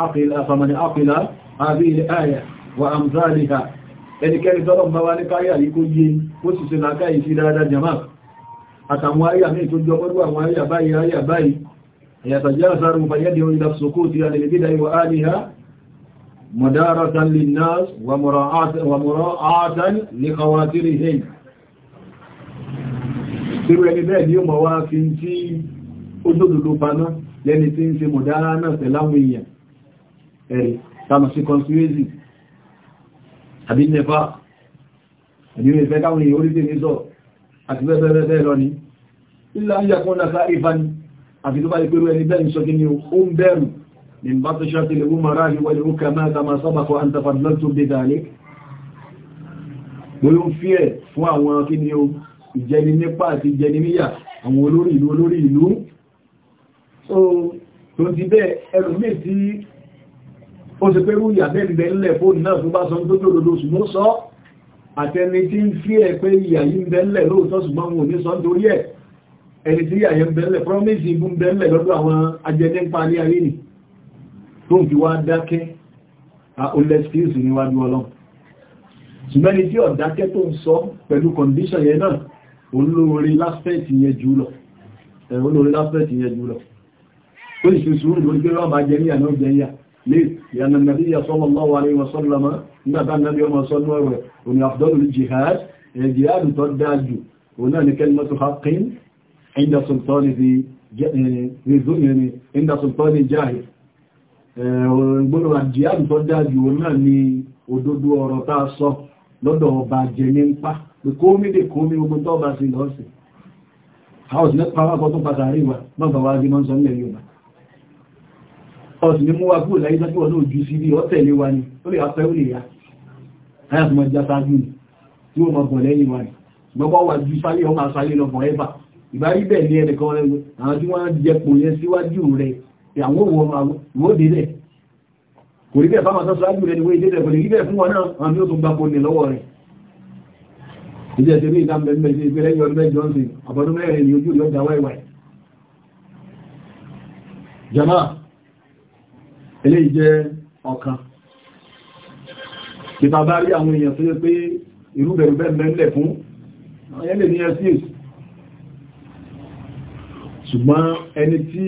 àpìlá àbí ilẹ̀ ààyà wà àmzálìhà ẹnikẹ́ni tọ́lọ̀ bá wá ní káyà yìí kó yé ó sì ṣe láká yìí مدارة للناس ومراعاة لخواترهم Irú ẹni bẹ́ẹ̀ ni ó mọ̀ wá fi ń tí ó dòdòdó paná lẹ́ni tí ń ṣe mọ̀dára náà tẹ̀láwọn èèyàn ẹ̀rì tàbí sí conspiracy àbí nẹfà àbí ìfẹ́ káwọn èèyàn orílẹ̀ ní sọ àti bẹ́ẹ̀bẹ́ẹ̀ lọ ní ilá ń من بطشة الأمراء والحكماء كما سبق أن تفضلتم بذلك oyún fí ẹ̀ يوم àwọn kí ni o ìjẹni nípa àti ìjẹni níyà àwọn olórí ìlú olórí ìlú so tó ti bẹ́ ẹlùmí tí ó ṣe pé rúyà bẹ́ẹ̀bẹ̀ ńlẹ̀ fóònù náà tó bá sọ tó tó lòdó ṣùgbọ́n sọ àtẹni tí ń fí ẹ̀ pé ìyà yí ń bẹ́ẹ̀lẹ̀ lóòótọ́ ṣùgbọ́n wọn ò ní sọ nítorí ẹ̀ ẹni tí ìyà yẹn ń bẹ́ẹ̀lẹ̀ promise ìbú ń bẹ́ẹ̀lẹ̀ lọ́dọ̀ àwọn ajẹni ń parí ayé tó ń fi wá dákẹ́ olẹ́sìkìsì níwájú ọlọ́run ṣùgbẹ́ni tí ọ̀dákẹ́ tó ń sọ pẹ̀lú condition yẹn náà olóore láspẹ̀tì yẹn jù lọ olóore láspẹ̀tì yẹn jù lọ ó sì ṣe sùúrù lórí pé wọ́n máa jẹ níyà náà jẹ níyà lè ìyànà nàbí sallallahu alaihi wa sallam nígbàtà nàbí ọmọ sọ́nà rẹ̀ òní afdalul jihad jihad tó dáa jù gbọ́nà àjíyàbù tó dájú wọn náà ni òdodo ọ̀rọ̀ tá a sọ lọ́dọ̀ ọba jẹ ní pa pé kómi lè kómi ogun tó bá sí lọ́sẹ̀ house ní pàwàkọ́ tó padà rí wa mọ́bà wá rí mọ́sán ní ẹ̀yọ́ ọ̀sìn ni mú wa kúrò láyé tó wọ́n lóòjú sí bí ọ̀tẹ̀lé wa ni ó lè afẹ́ ó lè yá láyà tó mọ́ já sáájú ni tí ó mọ́ bọ̀ lẹ́yìn wa ni gbọ́gbọ́ wà ju sálé ọmọ asálé lọ wó délẹ̀ kò rí bẹ́ẹ̀ bá máa sọ́sọ́ ájú rẹ̀ ni wé délẹ̀ kò lè rí bẹ́ẹ̀ fún wọn náà àmì ó tún gba pọ̀ ní lọ́wọ́ rẹ̀ ìjẹ́ ìṣẹ́lẹ̀ ìdámbẹ̀mẹ̀ sí ìgbẹ̀rẹ̀ yọ ọdún johnson àbọ̀dún mẹ́rin ni ojú ìyọjà wáìwáì jama ilé ìjẹ́ ọ̀kan ìta bá rí àwọn èèyàn tó yẹ pé irúbẹ̀rù bẹ́ẹ̀mẹ́lẹ̀ fún ayẹ́lẹ̀ ní ẹ̀sìn ṣùgbọ́n ẹni tí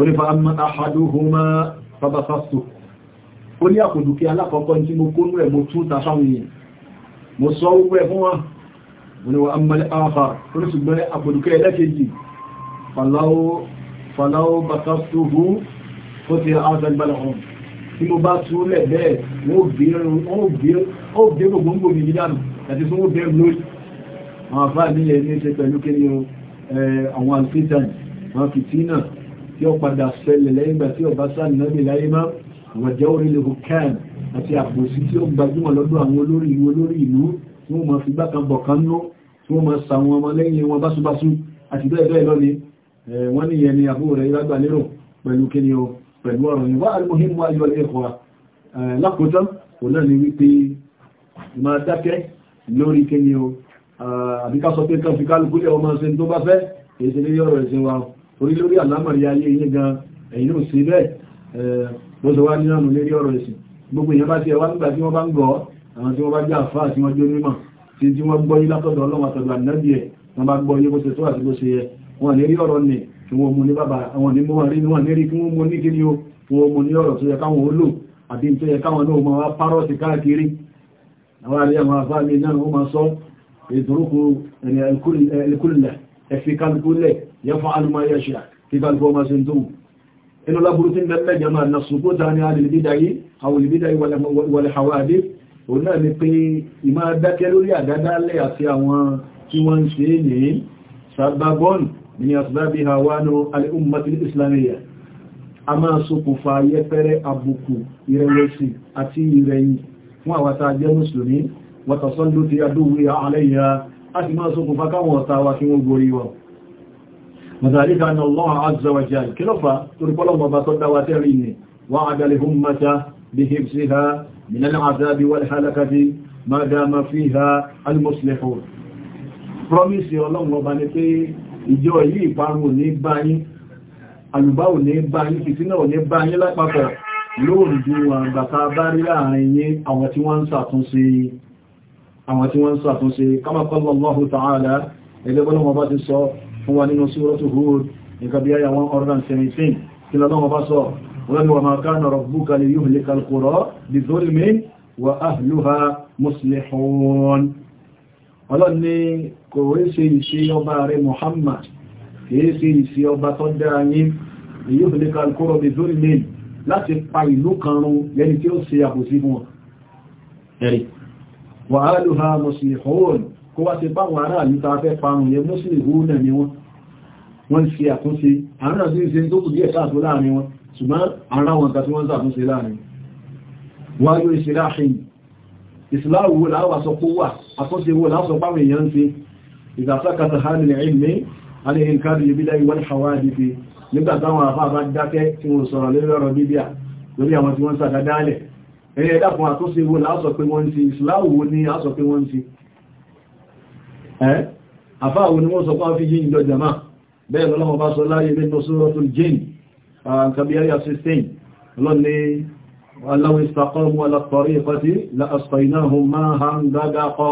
onífà àhàdúhùmá fàbàfàstò ó ní àkòdùkẹ́ alákọ̀ọ́kọ́ tí mo ala ní ẹ̀ mo tún ta fáwọn èèyàn mo sọ owó ẹ̀ fún wọn oníwà àmàlẹ̀ àhà oníṣùgbọ́n àkòdùkẹ́ ẹlẹ́kejì fàláwó bàtàstò hù ó ti àwọ̀sàgbàlà hàn tí mo bá túlẹ̀ bẹ́ẹ̀ wọ́n gbé gbogbo mi nídànù àti fún ó bẹ́ẹ̀ lórí àwọn àfáà nílẹ̀ ní ṣe pẹ̀lú kí ni àwọn alfitani àwọn fìtínà tí ó padà ṣẹlẹ̀ lẹ́yìn ìgbà tí ọba sáàlì láyé máa wàjá orí lè hùkán àti àpòsí tí ó gbajúmọ̀ lọ́dọ̀ àwọn olórí ìlú olórí ìlú tí wọ́n ma fi gbákan bọ̀ kan nú tí wọ́n ma sa wọn ọmọ lẹ́yìn wọn básúbású àti bẹ́ẹ̀ bẹ́ẹ̀ lọ́ni wọ́n ní yẹni àbúrò rẹ̀ lágbà lérò pẹ̀lú kí ni o pẹ̀lú ọ̀rọ̀ yìí wá alìmọ̀hí mú ayọ̀ ẹ̀kọ́ lákòótán kò náà ni wípé ma dákẹ́ lórí kí ni o àbíká sọ pé kan fi kálukú lẹ́wọ́ máa ṣe tó bá fẹ́ èsì lórí ọ̀rọ̀ ìsin wa torí lórí àlámọ̀rí ayé yín gan ẹ̀yin ò sí bẹ́ẹ̀ bó ṣe wá nínú lérí ọ̀rọ̀ ẹ̀sìn gbogbo èèyàn bá ti ẹwà nígbà tí wọ́n bá ń gọ́ àwọn tí wọ́n bá jẹ́ àfáà tí wọ́n jó mímọ̀ tí tí wọ́n gbọ́ yí látọ̀dọ̀ ọlọ́run àtọ̀dọ̀ ànábì ẹ̀ wọ́n bá gbọ́ yí bó ṣe tó àti bó ṣe yẹ wọn ní rí ọ̀rọ̀ nì kí wọ́n mú ní bàbá àwọn ní ni ó kí wọ́n mú ní ọ̀rọ̀ يفعل ما يشاء كيف ما سنتم إنه لا بد من الجماعة نسقط عن أهل البدع أو البدع والحوادث òun náà ni pé ìmá dákẹ́ lórí àdádálẹ̀ àti àwọn tí wọ́n ń ṣe ní sàbàbọ́n ní àsìdábí hawanu al'ummatin islamiyya a máa ṣokùnfà yẹpẹrẹ àbùkù ìrẹ̀wẹ̀sì àti ìrẹ̀yìn fún àwata jẹ́ mùsùlùmí wàtàsọ́lù ti adúwé aláìyà a sì máa ṣokùnfà káwọn ọ̀tá wa kí wọ́n gorí wọn وذلك أن الله عز وجل كلفة تركوا لهم بصد وتعين وعد لهمة بحبسها من العذاب والحلقة ما دام فيها المصلحون promise ọlọ́run ọba ni pé ìjọ yìí ìparun ní báyí alùbáwò ní báyí fìtínà ní báyí lápapọ̀ lóòrùn ju àgbàta bá rí láàrin yí àwọn tí wọ́n ń ṣàtúnṣe kama qala Allahu ta'ala ẹgbẹ́gbọ́n ọba ti fún wa nínú Suratu Hud nǹkan bí ayà 117 kí lọ́wọ́ bá sọ wọ́n wa ma kana rabbuka liyuhlika al-qura bi dhulmin wa ahluha muslihun ọlọ́run ni kò rí ṣe ìṣe ọba rẹ̀ Muhammad kìí ṣe ìṣe ọba tó dára yín liyuhlika al-qura bi kó wá ṣe báwọn ará àlúta afẹ́ parun yẹ mọ́sílẹ̀ ìwò náà ni wọ́n wọ́n ṣe àtúnṣe àwọn àti ìṣe tó kù díẹ̀ káàtó láàrin wọn ṣùgbọ́n ara wọn tàbí wọ́n ṣàtúnṣe láàrin wọ́n yóò ṣe láàrin ìsìláàwò láwà sọ kó wà àtúnṣe wo láwọ́ báwọn èèyàn ṣe ìdàsákàtà hàmìlẹ̀ ilmi alẹ́yìn kárí ìbílẹ̀ ìwọ́n hawaii fi nígbà táwọn afá bá dákẹ́ tí wọ́n sọ̀rọ̀ àfáàwò ni wọ́n sọ pá fi yínyìn lọ́jà máa bẹ́ẹ̀ lọ́lọ́wọ́ bá sọ láyé nínú suratul jinn kàbíyàyà 16 lọ́ni law istaqamu ala tariqati la asqaynahum ma'an ghadaqa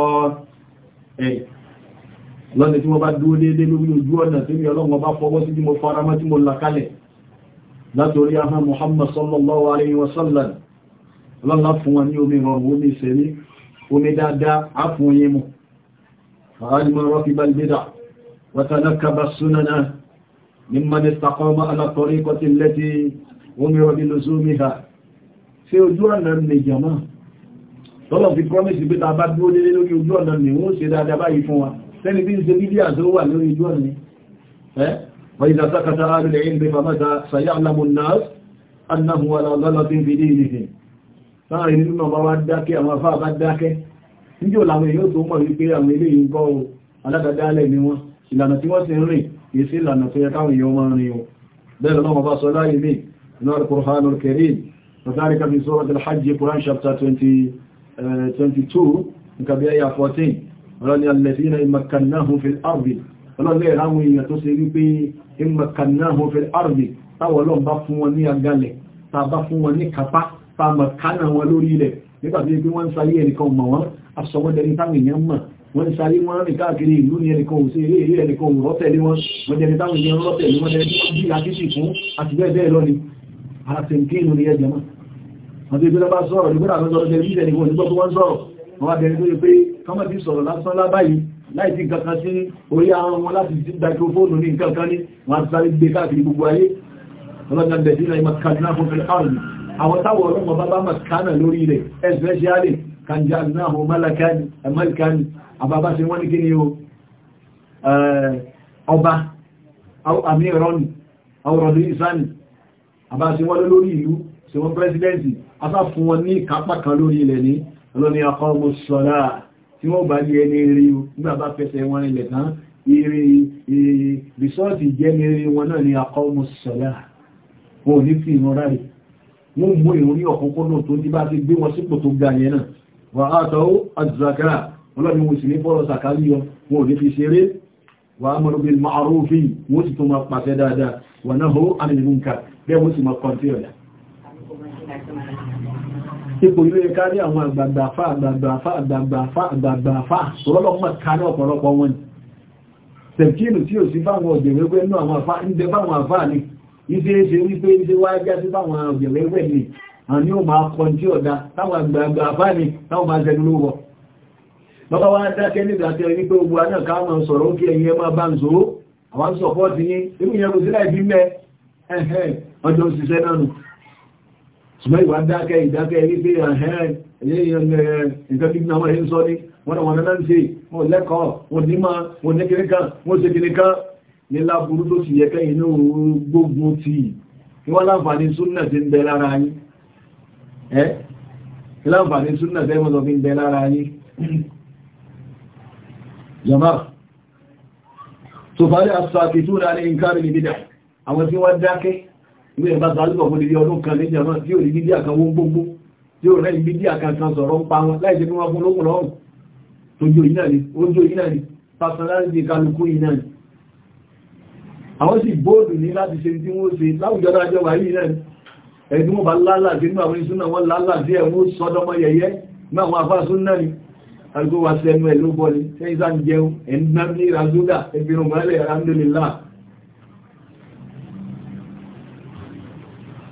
lọ́ni tí wọ́n bá dúó déédé lórí ojú ọ̀nà tí mi ọlọ́wọ́ bá fọwọ́ sí tí mo faramá tí mo lakalẹ̀ látorí ahá Muhammad sallallahu alayhi wa sallam lọ́lá fún wọn ní omi rọrùn omi ìsẹ̀rí omi dáadáa á fún yín mu فهل من ركب البدع وتنكب السنن ممن استقام على الطريقة التي أمر بلزومها في وجوه من الجماعة tọ́lọ̀ fi promise pé tàbá dúró lélé lórí ojú ọ̀nà ni wọ́n ṣe dáadáa báyìí fún wa tẹ́lì bí ń ṣe bídíà tó wà lórí ojú ọ̀nà ẹ́ wọ́n ìdá sákàtà àrílẹ̀ ìgbé famata sayalamun nas annahu alọ́lọ́bí bídí ìrìnlẹ̀ níjò làwọn èèyàn tó mọ̀ wípé àwọn ilé yìí gọ́ aládàdálẹ̀ ni wọ́n ìlànà tí wọ́n ti rìn kìí sí ìlànà tó yẹ káwọn èèyàn máa rìn o bẹ́ẹ̀ lọ́wọ́ bá sọ láyé mi inú al-Qur'an al-Karim وذلك في سورة الحج قرآن شابتر 22 nǹkan bí ẹyà 14 ọlọ́ni alẹ́sìnà ìmọ̀kànnáhùn fi ardi ọlọ́ni ìráwọn èèyàn tó ṣe rí pé ìmọ̀kànnáhùn fi ardi táwọlọ́n bá fún wọn ní agalẹ̀ tàbá fún wọn lórí ilẹ̀ nígbàtí wọ́n ń sayé ẹnìkan mọ̀ wọ́n asọ̀wọ́dẹni táwọn èèyàn mọ̀ wọ́n ti sáré wọ́n rìn káàkiri ìlú ní ẹnìkan òsè ilé ilé ẹnìkan òun rọ́tẹ̀lé wọn wọ́n jẹni táwọn èèyàn rọ́tẹ̀lé wọ́n jẹni tí bí àkíṣì fún àti bẹ́ẹ̀ bẹ́ẹ̀ lọ ni àtẹ̀kínu ni ẹjẹ̀ máa wọ́n ti gbẹ́lẹ́ bá sọ̀rọ̀ ní gbọ́dọ̀ àwọn sọ̀rọ̀ jẹni ìjẹni wọn nígbọ́ tó wọ́n sọ̀rọ̀ wọ́n wá bẹ̀rẹ̀ lórí pé kọ́mọ̀ ti sọ̀rọ̀ lásán lábáyìí láì ti kankan sí orí àwọn wọn láti ti microphone ní nǹkan kan ní wọ́n ti sáré gbé káàkiri gbogbo ayé ọlọ́gbà bẹ̀rẹ̀ sí ìlànà ìmọ̀kànnà fún fẹ́lẹ̀ àwọn táwọn ọlọ́mọ bá bá mọ̀kánà lórí rẹ̀ ẹ̀sẹ̀ ṣe kànjá náà mọ́lákàní eh, àbábá sí wọ́n ní kí ni o eh, ọba àmì ìrọ́nì àwòrọ̀lú ìsáni àbá sí wọ́n lórí ìlú sí wọ́n pẹ́sidẹ́ntì asá fún wọn ní ìkápá kan lórí ilẹ̀ ní ọlọ́ni akọ́mọ sọ́lá tí wọ́n bá ní ẹni rí nígbàbá fẹsẹ̀ wọn ilẹ̀ tán rìsọ́ọ̀tì jẹ́ ní rí wọn náà ní akọ́mọ sọ́lá mú ìrún wà átọ́wó àjìzàkà ọlọ́rin wọ́n sì ní fọ́rọ̀ sàkárí yọ wọ́n ní fi ṣeré wà ámọ́rọ̀ bí ma'arúfí wọ́n sì tó máa pàṣẹ dáadáa wà náà hó àrìnrìnkà bẹ́ẹ̀ wọ́n sì máa kọ́ntí àní ò máa kọjí ọ̀dá táwọn àgbààgbà àfáàní táwọn máa jẹ́ lówó bọ́bá wá dákẹ́ nígbàtẹ́ ní pé ogun aná káàmọ̀ sọ̀rọ̀ ó kí ẹ̀yìn ẹ máa bá ń zòó àwọn ń sọ̀pọ́ọ̀tì yín inú ìyẹn kò sí láì bí mẹ́ ẹ̀hẹ́ ọjọ́ òṣìṣẹ́ náà nù ṣùgbọ́n ìwà dákẹ́ ìdákẹ́ ní pé ẹ̀hẹ́ nǹkan kí náà wọ́n ń sọ ní wọ́n náà wọ́n náà ń ṣe ti ń bẹ lára yín ẹ́ kíláàbà ní súnà fẹ́ mọ́tọ̀ fi ń bẹ lára yí jama tó fàálì àṣàkì tó rà ní nǹkan ní bídà àwọn tí wọ́n dákẹ́ ní ẹ̀bá sàálùbọ̀ fún ilé ọdún kan ní jama tí ò ní bídí àkànwó gbogbo tí ò rẹ̀ bídí àkànkan sọ̀rọ̀ ń pa wọn láì jẹ́ kí wọ́n fún lókùn lọ́rùn tójú ìnáà ni ojú ni personality kálukú ìnáà ni àwọn sì bóòdù ẹni tí wọ́n bá lálàdé ní àwọn ìṣúná wọ́n lálàdé ẹ̀wọ́n sọ́dọ́mọ́ yẹyẹ náà wọ́n afásún náà ni àgbó wa sẹ́nu ẹ̀ ló bọ́ ni sẹ́yìn sáà ń jẹun ẹ̀ńdá ní razúdà ẹgbẹ̀rún mọ́lẹ̀ alhamdulillah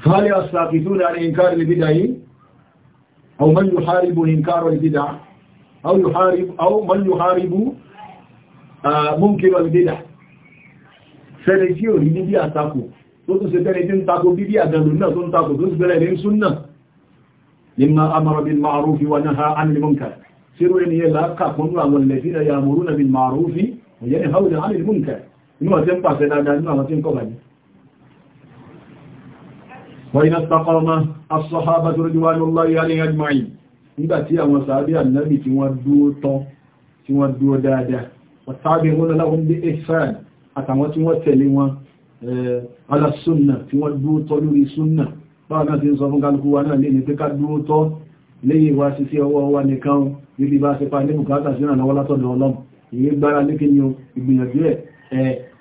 fàálẹ̀ asàkìtú náà ní nǹkan rẹ̀ bídà yìí àwọn tí ò rí níbi àtakò tó tún ṣe tẹ́lẹ̀ tí ń tako bíbí àdàlù náà tó ń tako tó ń bẹ̀rẹ̀ ní súnnà nínú amara bil ma'rufi wa naha anil munkar sírò ẹni yẹ láàkà kúnnú àwọn lẹ́fíra ya mọ̀rún na bil ma'rufi wa yẹ hau da anil munkar inú ọ̀tẹ́ ń pàṣẹ dáadáa nínú àwọn tí ń kọ́ bàjẹ́ wọ́n iná takọ́mọ́ asọ́hábà tó rẹ̀ wà lọ́lọ́rí alẹ́ ajmáyìn nígbà tí àwọn sàábí ànábì tí wọ́n dúó tán tí wọ́n dúó dáadáa wọ́n sáábì Eh, alásúnnà tí wọ́n dúó tọ́ lórí súnnà báwọn náà ti ń sọ fún kálukú wa náà lè ní pé ká dúó léyìn wá sí sí ọwọ́ wa nìkan níbi bá ṣe pa ní sí ìrànlọ́wọ́ látọ̀dọ̀ ọlọ́run ìyẹn gbára lékè ni ìgbìyànjú ẹ̀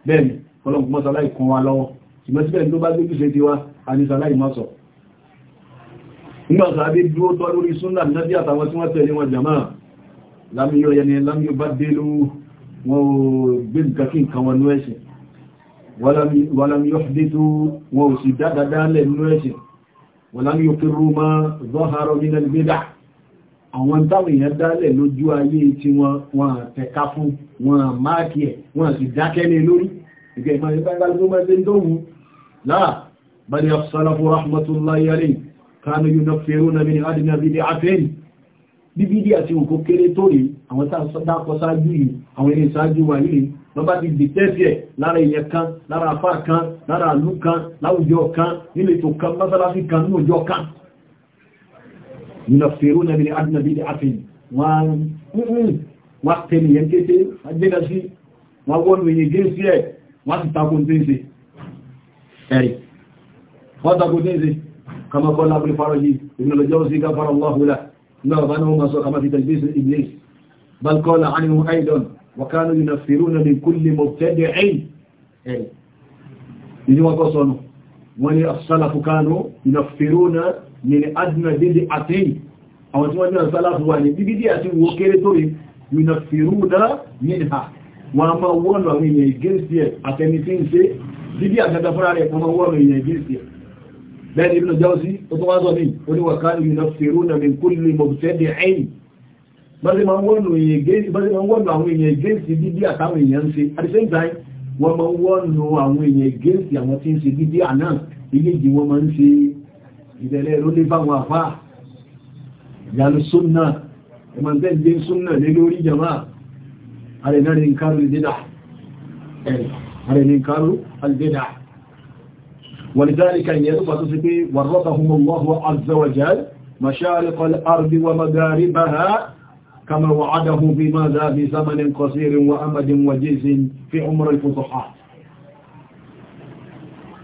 bẹ́ẹ̀ ni ọlọ́run mọ́ sáláì kan wa lọ́wọ́ ṣùgbọ́n síbẹ̀ tó bá gbégbé ṣe ti wá àti sáláì mọ́ sọ nígbà sàábé dúó tọ́ lórí súnnà nàbí àtàwọn tí wọ́n tẹ̀lé wọn jàmáà lámìyọ yẹni lámìyọ bá délú wọn ò gbé nǹkan kí nǹkan wọn ní ẹ̀sìn wọ́lọ́m yóò dìtú wọn ò sì dáadáa lẹ́nu ẹ̀ṣẹ̀ wọ́lọ́m yóò kírú ma zọ́harọ̀ nínú ìgbédà àwọn táwọn èèyàn dálẹ̀ lójú ayé tí wọ́n tẹ̀ka fún wọn máàkì ẹ̀ wọ́n sì dákẹ́ ní lórí ìgbẹ̀ ìmọ̀ ìbára ló mẹ́ sí dóhun láà bẹ̀rẹ̀ ọ̀sánàfò rahmatullahi alayhi kánú yóò nọ́fẹ́rú na bí adìna bí i àfẹ́ni bí bí i àti òkú kéré tó rí àwọn tàbí sáájú yìí àwọn ilé sáájú wà yìí wọ́n bá ti dìtẹ́sì ẹ̀ lára ìyẹn kan lára afá kan lára àlú kan láwùjọ kan nílé tó kan mọ́sálásí kan ní òjọ kan yìnbọn fèrò nàbí ní adúnàbí ní àfihàn wọ́n tẹ́lẹ̀ yẹn kéte agbẹ́dá sí wọ́n wọ́n lóye gé sí ẹ̀ wọ́n ti tako ní ṣe ẹ̀rì wọ́n tako ní ṣe kamakọ́ lábúrí faraji ìgbìyànjọ́ sí wọ́n wọ̀kánú yìí na fèrú na lè kú lè mọ̀tẹ́dẹ̀ ẹ̀yìn ẹ̀rì ìdí wọ́n kọ́ sọ́nù wọ́n ni sálàfù kánú na fèrú na ní adìnà dédé àtẹ́yìn àwọn tí wọ́n jẹ́ sálàfù wà ní bíbí àti wo kéré tó rí yìí na fèrú na níhà wọ́n máa wọ́n àwọn èèyàn ìgẹ́sì ẹ̀ àtẹni ń ṣe bíbí àtẹ́ta rẹ̀ wọ́n máa wọ́n èèyàn ìgẹ́sì ẹ̀ bọ́sí ma ń wọ́nù àwọn èèyàn gẹ́ẹ̀sì dídí àtàwọn èèyàn ń ṣe at the same time wọ́n ma ń wọ́nù àwọn èèyàn gẹ́ẹ̀sì àwọn tí ń ṣe dídí àná iléjì wọ́n ma ń ṣe ìdẹ̀lẹ̀ ló lé báwọn àfá ìyàlú súnnà ẹmọ̀tẹ́ ìgbé súnnà ولذلك إن يرفض في الله عز وجل مشارق الأرض ومغاربها كما وعده بماذا بزمن قصير وأمد وجيز في عمر الفضحات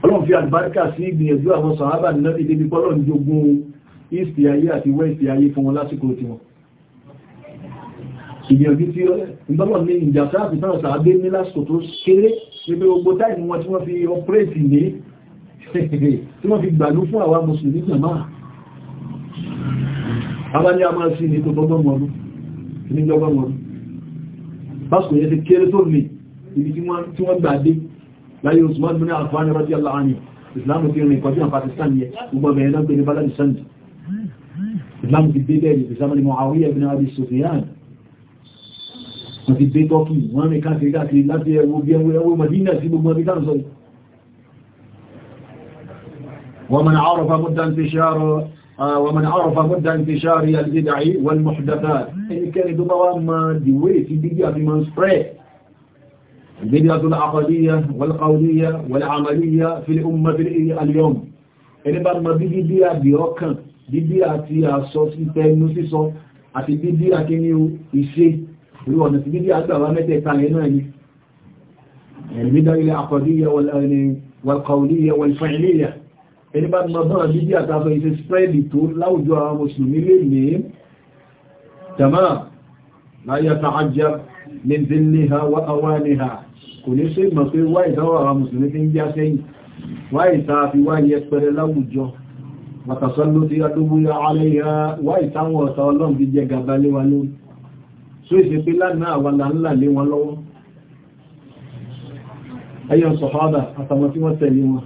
ọlọ́run fi àlùbáríkà sí ìgbìyànjú àwọn sàhábà náà ìdí bí pọ́lọ̀ ń jogun east ayé àti west ayé fún wọn lásìkò tí wọn ìgbìyànjú tí ìgbọ́lọ̀ ní ìjàtà àti sáwọn sàábé ní lásìkò tó kéré pẹ̀lú ogbó táìmù wọn tí wọ́n fi ọpẹ́ẹ̀tì níjọba wọn báṣkò yẹ́ ti kéré tó lè ibi tí wọ́n gbàdé láyé Usman bin Affan radiyallahu anhu ìsìláàmù ti rìn kọjú àwọn Pakistan yẹ gbogbo ẹ̀yẹn náà pé ní baladi sandi ìsìláàmù ti dé bẹ́ẹ̀ ìsìláàmù ni Muawiya bin Abi Sufyan wọ́n ti dé tọ́kì wọ́n rìn káàkiri káàkiri láti ẹwọ bí ẹwọ ẹwọ ومن عرف مدى انتشار البدع والمحدثات ان كان دوبا ما دويت بدي ابي من سبريد البدعة العقدية والقولية والعملية في الأمة اليوم ẹni bá mọ̀ bí dídí àbí ọkàn dídí àti àsọ ìfẹ́ inú sísọ àti dídí àti ní ìṣe ìlú ọ̀nà sí dídí àgbàwà mẹ́tẹ̀ẹ̀ta yẹn náà ni ẹ̀lùmídà ilẹ̀ àkọ̀díyà wal qawliyya wal fi'liyya ẹni bá mọ bọ́n bí àtàbọ̀ ìṣe spreadi tó láwùjọ àwọn mùsùlùmí lè ní jama láyé àtàájá ní zilliha wa awaniha kò ní ṣe mọ̀ pé wá ìdáwọ̀ àwọn mùsùlùmí fi ń já sẹ́yìn wá ìta fi wá yẹpẹrẹ láwùjọ matasọ́lú ti adúgbò aléyà wá ìtàwọn ọ̀tá ọlọ́m fi jẹ gàba lé wa lórí so ìṣe pé lánàá àwọn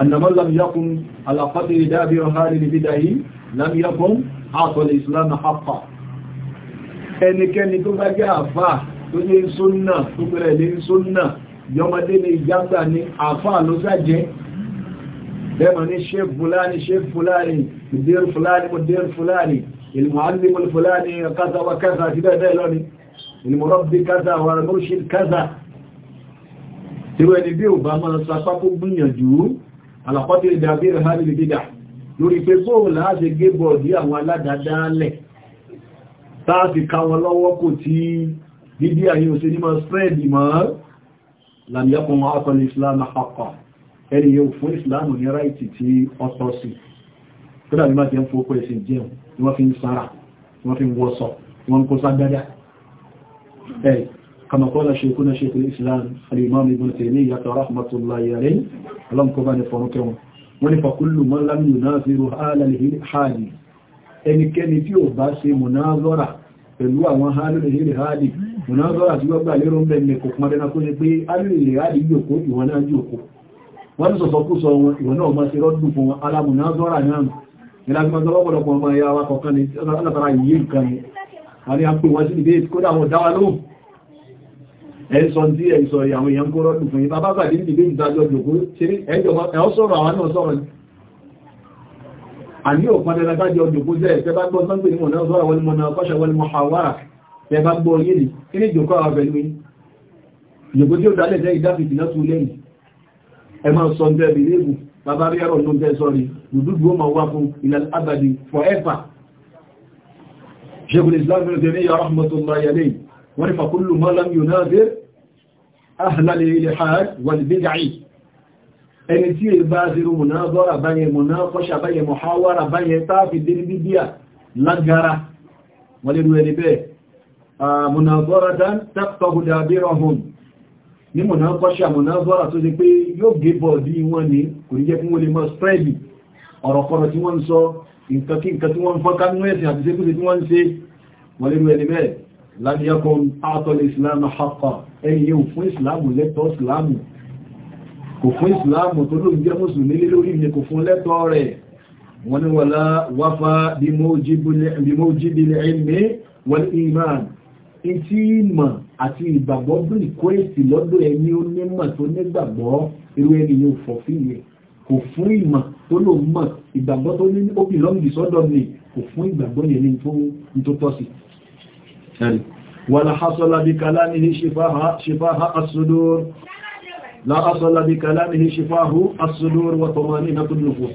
أن من لم يكن على قدر دابر هذه البدع لم يكن أعطى الإسلام حقا ẹnikẹ́ni tó bá jẹ́ àfà tó ní súnnà tó bẹ̀rẹ̀ lé súnnà yọmọdé ní ìjágbà ní àfà ló sájẹ́ bẹ́mọ̀ ní ṣe fúlání ṣe fúlání ìdír fúlání mọ̀dír fúlání ìlmọ̀álìmọ̀ fúlání kaza wa kaza ti bẹ́ẹ̀ lọ́ni ìlmọ̀rọ̀bí kaza wa murshid kaza tí wọ́n ni bí ò bá mọ́ sapá kó gbìyànjú àlàkọ́tí ìdàbírí hàrí ìdídà lórí pé bóòrùn láti gé bọ̀dí àwọn aládàdálẹ̀ táàfi ká wọn lọ́wọ́ kò tí dídí àyí òsè ní máa spread mọ́ làmìyàkùn akọlù islam àpapọ̀ ẹni yóò fún islam ní ráìtì tí ọ tọ́ sí kódà ní máa ti ń fòókò ẹ̀sìn jẹun ni wọ́n fi ń sára ni wọ́n fi ń wọ́sọ̀ ni wọ́n ń kó ságbádá كما قال شيخنا شيخ الإسلام الإمام ابن تيمية رحمة الله عليه لم كمان فنكم ولفكل من لم يناظر آل الحالي ẹnikẹ́ni tí ó bá ṣe mọ̀názọ́rà pẹ̀lú àwọn alìlèhàdì mọ̀názọ́rà tí wọ́n gbà lérò ń bẹ̀rẹ̀ kò pọ̀ dẹ́nà kó ní pé alìlèhàdì yòókó ìwọ̀n náà yòókó wọ́n ní sọ̀sọ̀ kú sọ wọn ìwọ̀n náà máa ṣe rọ́dùn fún wọn alámọ̀názọ́rà náà ìlàgbọ̀n ẹ̀sọ́ tí ẹ̀sọ́ ìyàwó èèyàn kó rọ́dù fún ìta bá pàdé ní ilé ìdájọ́ jòkó ṣeré ẹ̀ọ́ sọ̀rọ̀ àwọn náà sọ̀rọ̀ ní àní òpin ẹ̀dájọ́ jòkó jẹ́ ẹ̀fẹ́ bá gbọ́ sọ́gbẹ̀ ní mọ̀nà sọ́rọ̀ wọn mọ̀nà ọkọ́ṣẹ́ wọn mọ̀ àwárà ẹ bá gbọ́ yé ni kí ní jòkó àwọn pẹ̀lú jòkó tí ó dálẹ̀ jẹ́ ìdáfìtì náà tún lẹ́yìn ẹ máa sọ ń bẹ́ẹ̀ bìlébù bàbá abadi forever ṣe kùn Islam fẹ́rẹ̀ tẹ̀lé yà wọ́n ní fàkúlù mọ́ lọ́m yóò náà dé ahìlálẹ̀ ilẹ̀ hajj wọ́n ní bídà yìí ẹni tí è bá zírú mùná zọ́ra báyẹ mùná kọ́ṣà báyẹ mọ̀háwára báyẹ táàfi dé kọ́ṣà mùná zọ́ra tó ṣe pé yóò gé bọ̀ọ̀dí wọn ni kò ní jẹ́ fún wọn lè mọ́ spread ọ̀rọ̀kọ̀rọ̀ tí wọ́n ń sọ nǹkan kí nǹkan tí wọ́n ń fọ́n kánú ẹ̀sìn àti ṣekúṣe tí wọ́n ń ṣe wọ́n lè rú ẹni bẹ́ẹ̀ lábíyàkùn àtọ́lẹ̀ ìsìláàmù àpá ẹ̀yẹ òfún ìsìláàmù lẹ́tọ́ ìsìláàmù kò fún ìsìláàmù tó ló ń jẹ́ mùsùlùmí lé lórí ní kò fún lẹ́tọ́ rẹ̀ wọ́n ni wọ́lá wáfá bí mọ́ jíbilẹ̀ ẹ̀mẹ́ wọ́n ìmán ìtí ìmọ̀ àti ìgbàgbọ́ bí ìkó èsì lọ́dọ̀ ẹni ó nímọ̀ tó nígbàgbọ́ irú ẹni kò fún ìgbàgbọ́ yẹn ní tó tọ́ ولا حصل بكلامه شفاه شفاه الصدور لا حصل بكلامه شفاه الصدور وطمانينة النفوس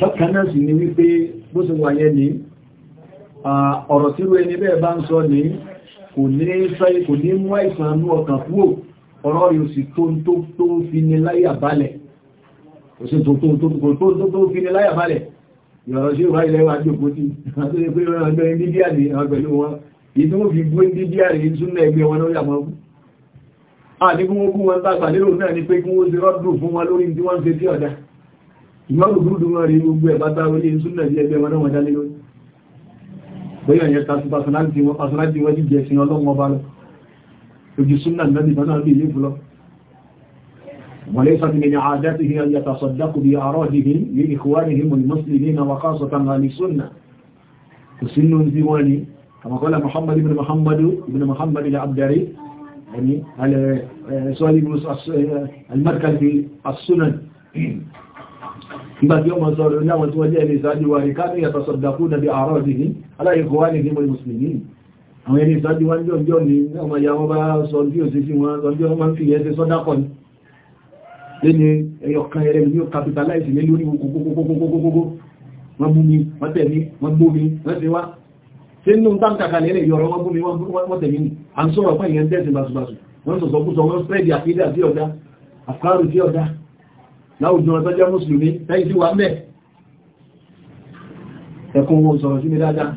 فكنا سني wípé bó ṣe wà yẹn ni ọ̀rọ̀ tí wọ́n ẹni bẹ́ẹ̀ bá ń sọ ní kò ní sáyé kò ní mú àìsàn ọkàn fúò ọ̀rọ̀ rí o sì tó fi ní láyà èyí tó fi gbé ní bí àrí súnmọ̀ ẹgbẹ́ wọn lórí àmọ́gún àdíkún ogún wọn tàbà lérò náà ni pé kí wọ́n ṣe rọ́dùn fún wọn lórí tí wọ́n ṣe tí ọ̀dá ìmọ́rù gúrùdù wọn rí gbogbo ẹ̀bá tàbí ní súnmọ̀ ẹgbẹ́ wọn náà dálé lórí bóyá ìyẹn tàbí pàṣánátì wọn pàṣánátì wọn jíjẹ sí ọlọ́run bí ilé fúlọ كما قال محمد بن محمد بن محمد العبدري يعني المركز في السنن <clears throat> بس يوم صارنا وتوجه لساجي وكانوا يتصدقون بأعراضهم على إخوانهم المسلمين àwọn ẹni ìsájú wá ní ọjọ́ ní ọmọ ìyá wọn bá sọ bí ò sí sí wọn ọjọ́ wọn máa ń fi ẹsẹ sọ́dápọ̀ ní lẹ́ni ẹyọkan ẹrẹ ní ó capitalize lé lórí kókókókókókókó wọ́n mú mi wọ́n tẹ̀ mí wọ́n gbó mi wọ́n ti wá tí nínú táǹkàkà ní ẹ̀yọ̀ ọ̀rọ̀ wọ́n bú mi wọ́n tẹ̀mí ní à ń sọ̀rọ̀ fún ìyẹn dẹ́sìn basubasu wọ́n sọ̀sọ̀ kú sọ wọ́n spread àfídà sí ọ̀dá àfárù sí ọ̀dá láwùjọ ọ̀tọ́ jẹ́ mùsùlùmí lẹ́yìn sí wa mẹ́ ẹkùn wọn sọ̀rọ̀ sí mi dáadáa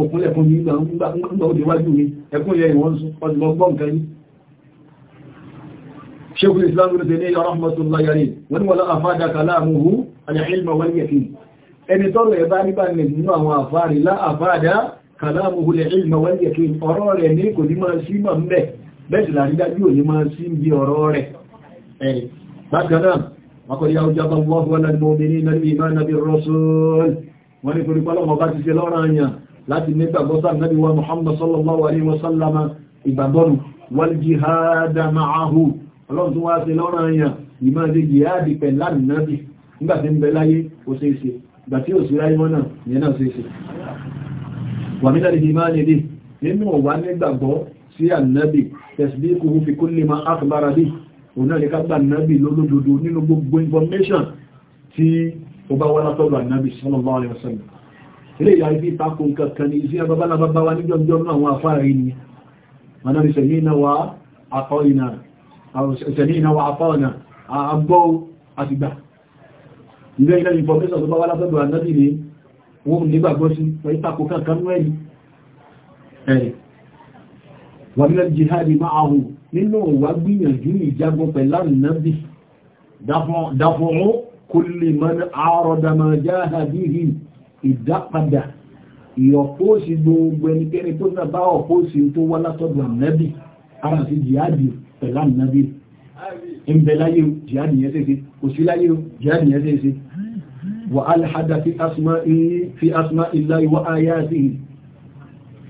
òkun lẹ́kùn ní ìgbà òde wájú mi ẹkùn yẹ ìwọ̀n ọdún gbọ́n kan yìí ṣekùn islam ní ṣe rahmatullah yari wani wala afada kalamuhu al-ilma wal yaqin ẹni tọ́rọ ẹ̀bá nígbà nínú àwọn àfáàrí lá àfáàdá kàlámùhù lè ilmà wọ́n yẹ kí ọ̀rọ̀ rẹ̀ ní kò ní máa sí mọ̀ ń bẹ̀ bẹ́ẹ̀sì lárídájú ò ní máa sí bí ọ̀rọ̀ rẹ̀ ẹ̀rì bákanáà wakọ̀dí àwùjábá wọ́n lọ́gbọ̀n nínú ìmọ̀ nàbí rọ́sùn wọ́n ní torípa lọ́wọ́ bá ti ṣe lọ́rọ̀ àyàn láti nígbàgbọ́ sáà nàbí wa Muhammad sallallahu alaihi wasallam ìgbàgbọ́nù ń bẹ láyé ó ṣe é ṣe ìgbàtí ò sí láyé wọn náà ìyẹn náà ṣe é ṣe wàmílẹ̀ ìhìmáni bí nínú wà nígbàgbọ́ sí ànábì tasdiquhu fi kulli ma akhbara bí òun náà lè ká gbà ànábì lólódodo nínú gbogbo information tí ó bá wá látọ̀dọ̀ ànábì sallallahu alaihi wasallam ilé ìyá ibi ìtako nǹkan kan ní iṣẹ́ babalábábá wa níjọ́ ìjọ́ náà wọn afárá yìí ni wọn náà ṣe yìí náà wà àkọ́ ìnà ṣẹ̀lẹ̀ ìnà wà àpá ọ̀nà àgbọ́ àtìgbà ilé ìlẹ́ information tó bá wá látọ̀dọ̀ ànábì ni wọ́n nígbàgbọ́ sí wọ́n ìtàkò kankan wẹ́ni ẹ̀rẹ̀ wọ́n mẹ́ jihadi máa hù nínú wà gbìyànjú ìjagun pẹ̀lá nàbí dáfọ́rún kò lè mọ́ni àrọ̀dàmà jáhàdì rí ìdápadà ìyọ̀póòsì gbogbo ẹnikẹ́ni tó náà bá ọ̀póòsì tó wá látọ̀dọ̀ nàbí ara sí jihadi pẹ̀lá nàbí ìbẹ̀láyé jihadi yẹn sí sí kò jihadi yẹn sí sí وألحد في أسمائه في أسماء الله وآياته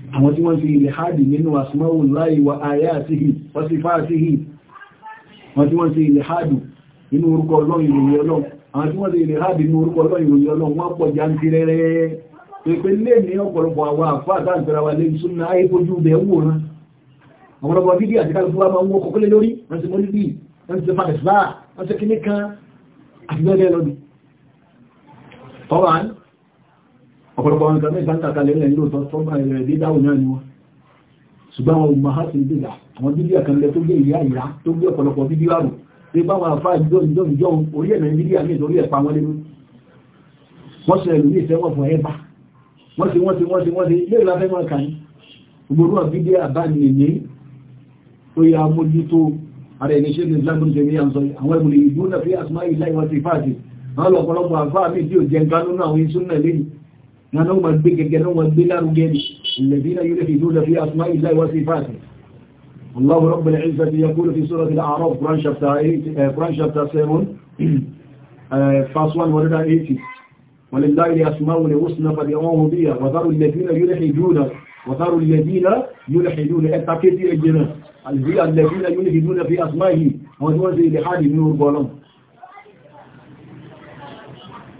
àwọn tí wọ́n fi ìlèhádì nínú asma'ullahi wa ayatihi wa sifatihi wọ́n tí wọ́n fi ìlèhádì nínú orúkọ Ọlọ́run ìròyìn Ọlọ́run àwọn tí wọ́n fi ìlèhádì nínú orúkọ Ọlọ́run ìròyìn Ọlọ́run wọ́n pọ̀ jantirẹrẹ pẹ̀pẹ̀ lè ní ọ̀pọ̀lọpọ̀ àwọn àfáà tàbírawa lè súnmọ́ ayépojú bẹ̀ wòrán àwọn ọmọ bídí àti kálùkúwà máa wọ́n kọkọlẹ̀ lórí wọ́n ti mọ́ níbi wọ́n ti fàdẹ̀síláà wọ́n ti kíní kan àti bẹ́ẹ̀ lọ́dún طبعا ọ̀pọ̀lọpọ̀ àwọn ìgbàmẹ́ ìgbàntàkalẹ̀ ilẹ̀ ìlú ọ̀tọ́ dídáhùn náà ni wọ́n ṣùgbọ́n àwọn ìmọ̀há sí dídá àwọn dídí àkànlẹ̀ tó gbé ìyá ìyá tó gbé ọ̀pọ̀lọpọ̀ fídíò àrùn tí bá wà fáà jọ ìjọ ìjọ orí ẹ̀mẹ̀ nàìjíríà ní ìtorí ẹ̀pà wọn lérú wọ́n ṣe ẹ̀lú ní ìfẹ́wọ̀n fún ẹ̀bà wọ́n ti wọ́n ti wọ́n ti wọ́n ti lè láfẹ́ wọn kà ní gbogbo àbídé àbánìyẹ tó yà mójútó ara ẹni ṣe ní ìsìlámù jẹ́ ní àwọn ẹ̀mùlẹ̀ ìgbóná fi asmá ìlà ìwọ̀n ti fáàtì wọ́n lọ́pọ̀lọpọ̀ àfáà mi tí ò jẹ nǹkan àwọn iṣu lẹ́yìn náà náà wọ́n gbé gẹ́gẹ́ náà wọ́n gbé lárugẹ الذين يلحدون في أسماء الله وصفاته الله رب العزة يقول في سورة الأعراف قرآن شابتر 8 قرآن شابتر 7 فاس 1 ولله الأسماء الحسنى فادعوه بها وذروا الذين يلحدون وذروا الذين يلحدون اتقيت الجنة الذين يلحدون في أسمائه وذروا الذين يلحدون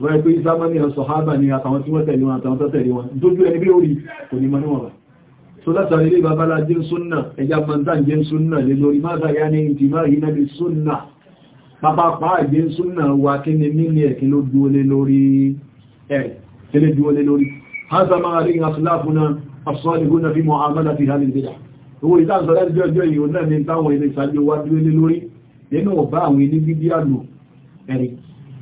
lọ́rẹ́ pé ìsámọ́ni ọ̀sọ̀ hábà ni àtàwọn tí wọ́n tẹ̀lé wọn àtàwọn tó tẹ̀lé wọn dójú ẹni bí orí kò ní mọ́ níwọ̀n so látàrí ilé babalá jẹ́ súnnà ẹja mọ̀ntá jẹ́ súnnà lè lórí máta ya ní ìtìmá ìrìnà bí súnnà pápápá jẹ́ súnnà wà kí ni mílì ẹ̀kí ló dúólé lórí hásà máa rí àfìláfúnà àfṣọ́lẹ̀gúnà bí mọ̀hámọ́lá fi hálì ìdíjà owó ìtànsọ́lá jẹ́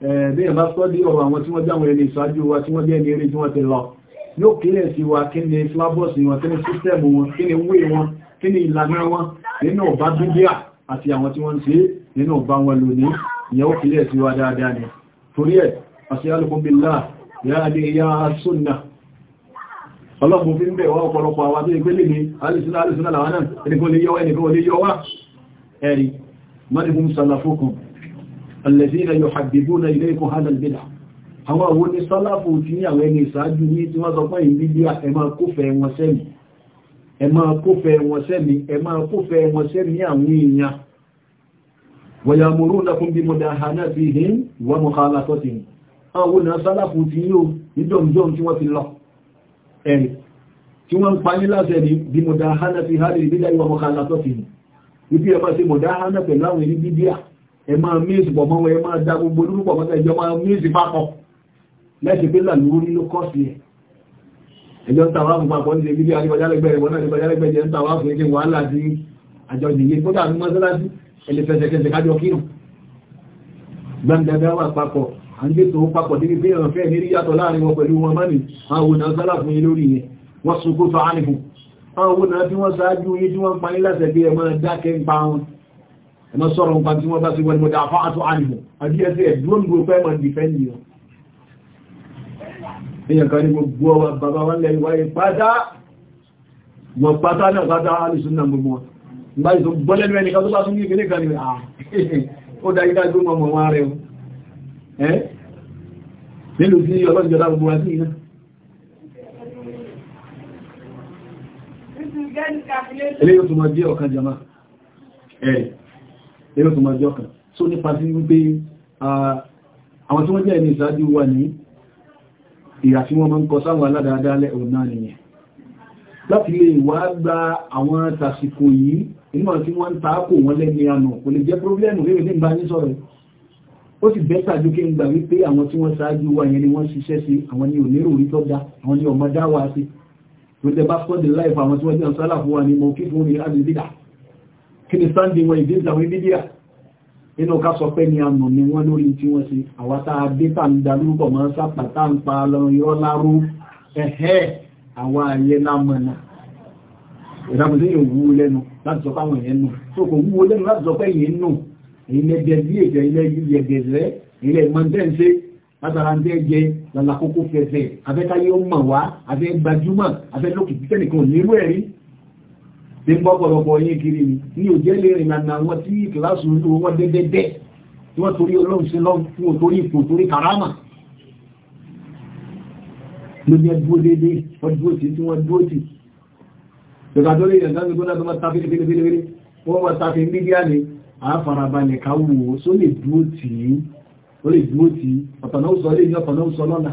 bí ẹ̀bá sọ́dí ọ̀rọ̀ àwọn tí wọ́n jẹ́ àwọn ẹni ìṣáájú wa tí wọ́n jẹ́ ẹni eré tí wọ́n ti lọ yóò kílẹ̀ sí wa kí ni flabos wọn kí ni sísẹ́mù wọn kí ni wé wọn kí ni ìlànà wọn nínú ọba dúdíà àti àwọn tí wọ́n ń ṣe nínú ọba wọn lónìí ìyàwó kílẹ̀ sí wa dáadáa ni torí ẹ̀ billah ya adé ya sunna ọlọ́pù fi ń bẹ̀ wá ọ̀pọ̀lọpọ̀ àwọn tó ìgbélé ní alìsínà alìsínà làwọn náà ẹnìkan lè yọ wá ẹnìkan lè yọ wá alladhina yuhabbibuna ilaykum hadha al-bid'ah àwọn àwọn ní sọ́láfù tí ní àwọn ẹni ìsáájú ní tí wọ́n sọ pé ìbí bí ẹ máa kófẹ́ wọn sẹ́mi ẹ máa kófẹ́ wọn sẹ́mi ẹ máa kófẹ́ wọn sẹ́mi àwọn èèyàn wa ya'murūnakum bi mudahanatihim wa mukhālaṭatihim àwọn náà sọ́láfù tí yóò níjọ́mjọ́m tí wọ́n ti lọ ẹ̀rì tí wọ́n ń parí láti ẹ̀rì bí mudahana fi hàrí ìbídá ìwà mọ̀kànlá tọ́fì ní ibi ẹ̀mọ́ sí mudahana pẹ̀lú àwọn ìrí bídíà ẹ máa mísì pọ̀ mọ́wọ́ ẹ máa dá gbogbo lórúkọ̀ mọ́ta ìjọ máa mísì papọ̀ lẹ́sìn pé làlúrú nínú kọ́ọ̀sì ẹ̀ ẹjọ́ ń tàwá fún papọ̀ nílé bíbí àríwájálẹ́gbẹ̀rẹ̀ wọn náà àríwájálẹ́gbẹ̀rẹ̀ jẹ́ ń tàwá fún ẹgbẹ̀ wàhálà sí àjọ ìyẹ kódà ní mọ́sálásí ẹlẹ́fẹsẹ̀kẹsẹ̀ kájọ kírùn gbàndàdà wà papọ̀ àgbẹ̀tò papọ̀ débi pé ọ̀rọ̀ fẹ́ ní yàtọ̀ láàrin wọn pẹ̀lú wọn mọ́nì àwọn ẹmọ́ sọ́rọ̀ nǹkan tí wọ́n bá sí wọ́n mọ̀dá fún àtọ́ ànìmọ̀ àbí ẹsẹ̀ ẹ̀dúró ní gbogbo ẹmọ̀ dìfẹ́ndì wọn èyàn kan ní gbogbo ọwà bàbá wọn lẹ́yìn wáyé pátá wọn pátá náà pátá alìsùn náà gbogbo wọn nígbà tó gbọ́lẹ̀ ní ẹnìkan tó bá tún ní ìpínlẹ̀ kan ní ah, <laughs> ó dá ìdá gbogbo ọmọ wọn rẹ̀ Ilé yóò túnmọ̀ jẹ́ ọ̀kan jama. Ẹ̀rì ẹ̀rọ tó máa jọ kan so nípa sí wípé àwọn tí wọ́n jẹ́ ẹni ìsáájú wà ní ìyà tí wọ́n máa ń kọ sáwọn aládáadáalẹ̀ òun náà nìyẹn láti lè wá gba àwọn tàsìkò yìí inú àti wọ́n ń taákò wọ́n lẹ́ni ànà kò lè jẹ́ pírọ́blẹ́mù rẹ̀ ní ìbá sọ̀rọ̀ ó sì bẹ́ta jú kí ń gbà wípé àwọn tí wọ́n ṣáájú wà yẹn ni wọ́n ṣiṣẹ́ sí àwọn ni ònírò orí tọ́já àwọn ni ọmọ dáwà sí ló tẹ bá fọ́dẹ̀ láìfà àwọn tí wọ́n jẹ́ sálà fún wa ni mo kí fún mi á kí ni sunday wọn ìdí ìtàwọn ìbídíà nínú ká sọ pé ní àmọ̀ ni wọ́n lórí tí wọ́n sí àwátá adétà ń darúgbọ mọ́ sápàtà ń pa lọ́rùn yọ́ lárú ẹ̀hẹ́ àwọn ayé lámọ̀nà ìràmùsí yóò wú lẹ́nu láti sọ fáwọn èèyàn nù tó kò wú lẹ́nu láti sọ pé mọ̀ wá afẹ́ gbajúmọ̀ afẹ́ lókè ní pọ́pọ̀lọpọ̀ yín kiri ni ní òjẹ́ lè rìn àná wọn tí kìláàsì ojú wọn dẹ́dẹ́dẹ́ tí wọ́n torí ọlọ́run sí lọ́wọ́ fún òtórí ipò torí karama ló jẹ́ dúó dédé wọ́n dúó tí tí wọ́n dúó tí ìgbàdórí ìrìnàjò gbọ́nà tó máa ta fílifílifílifílifí wọ́n máa ta fi ń bíbí àní àáfarabalẹ̀ káwò só lè dúó tí ó lè dúó tí ọ̀tọ̀nà ó sọ lè ní ọ̀tọ̀nà ó sọ lọ́la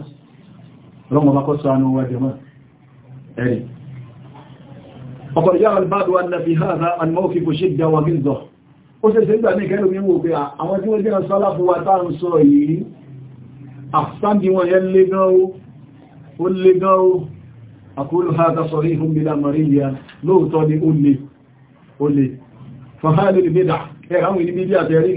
ọlọ́run ọba kọ́ sọ anú wa jẹ́ mọ́ ẹ̀rìn وقد جاء البعض أن في هذا الموقف شدة وغلظة ó ṣe ṣe ń gbà ní ìkẹ́lù mímú pé àwọn tí wọ́n jẹ́ sọ́láfù wa táà ń sọ yìí àfáàbí wọn yẹ lé gan ó lé gan ó àkúrò hàtà sọ̀rí ìhùn bí lámàríyà lóòtọ́ ni ó lè ó lè fàhálì ìbídà ẹ̀ráwìn ní bíbí àtẹ̀rí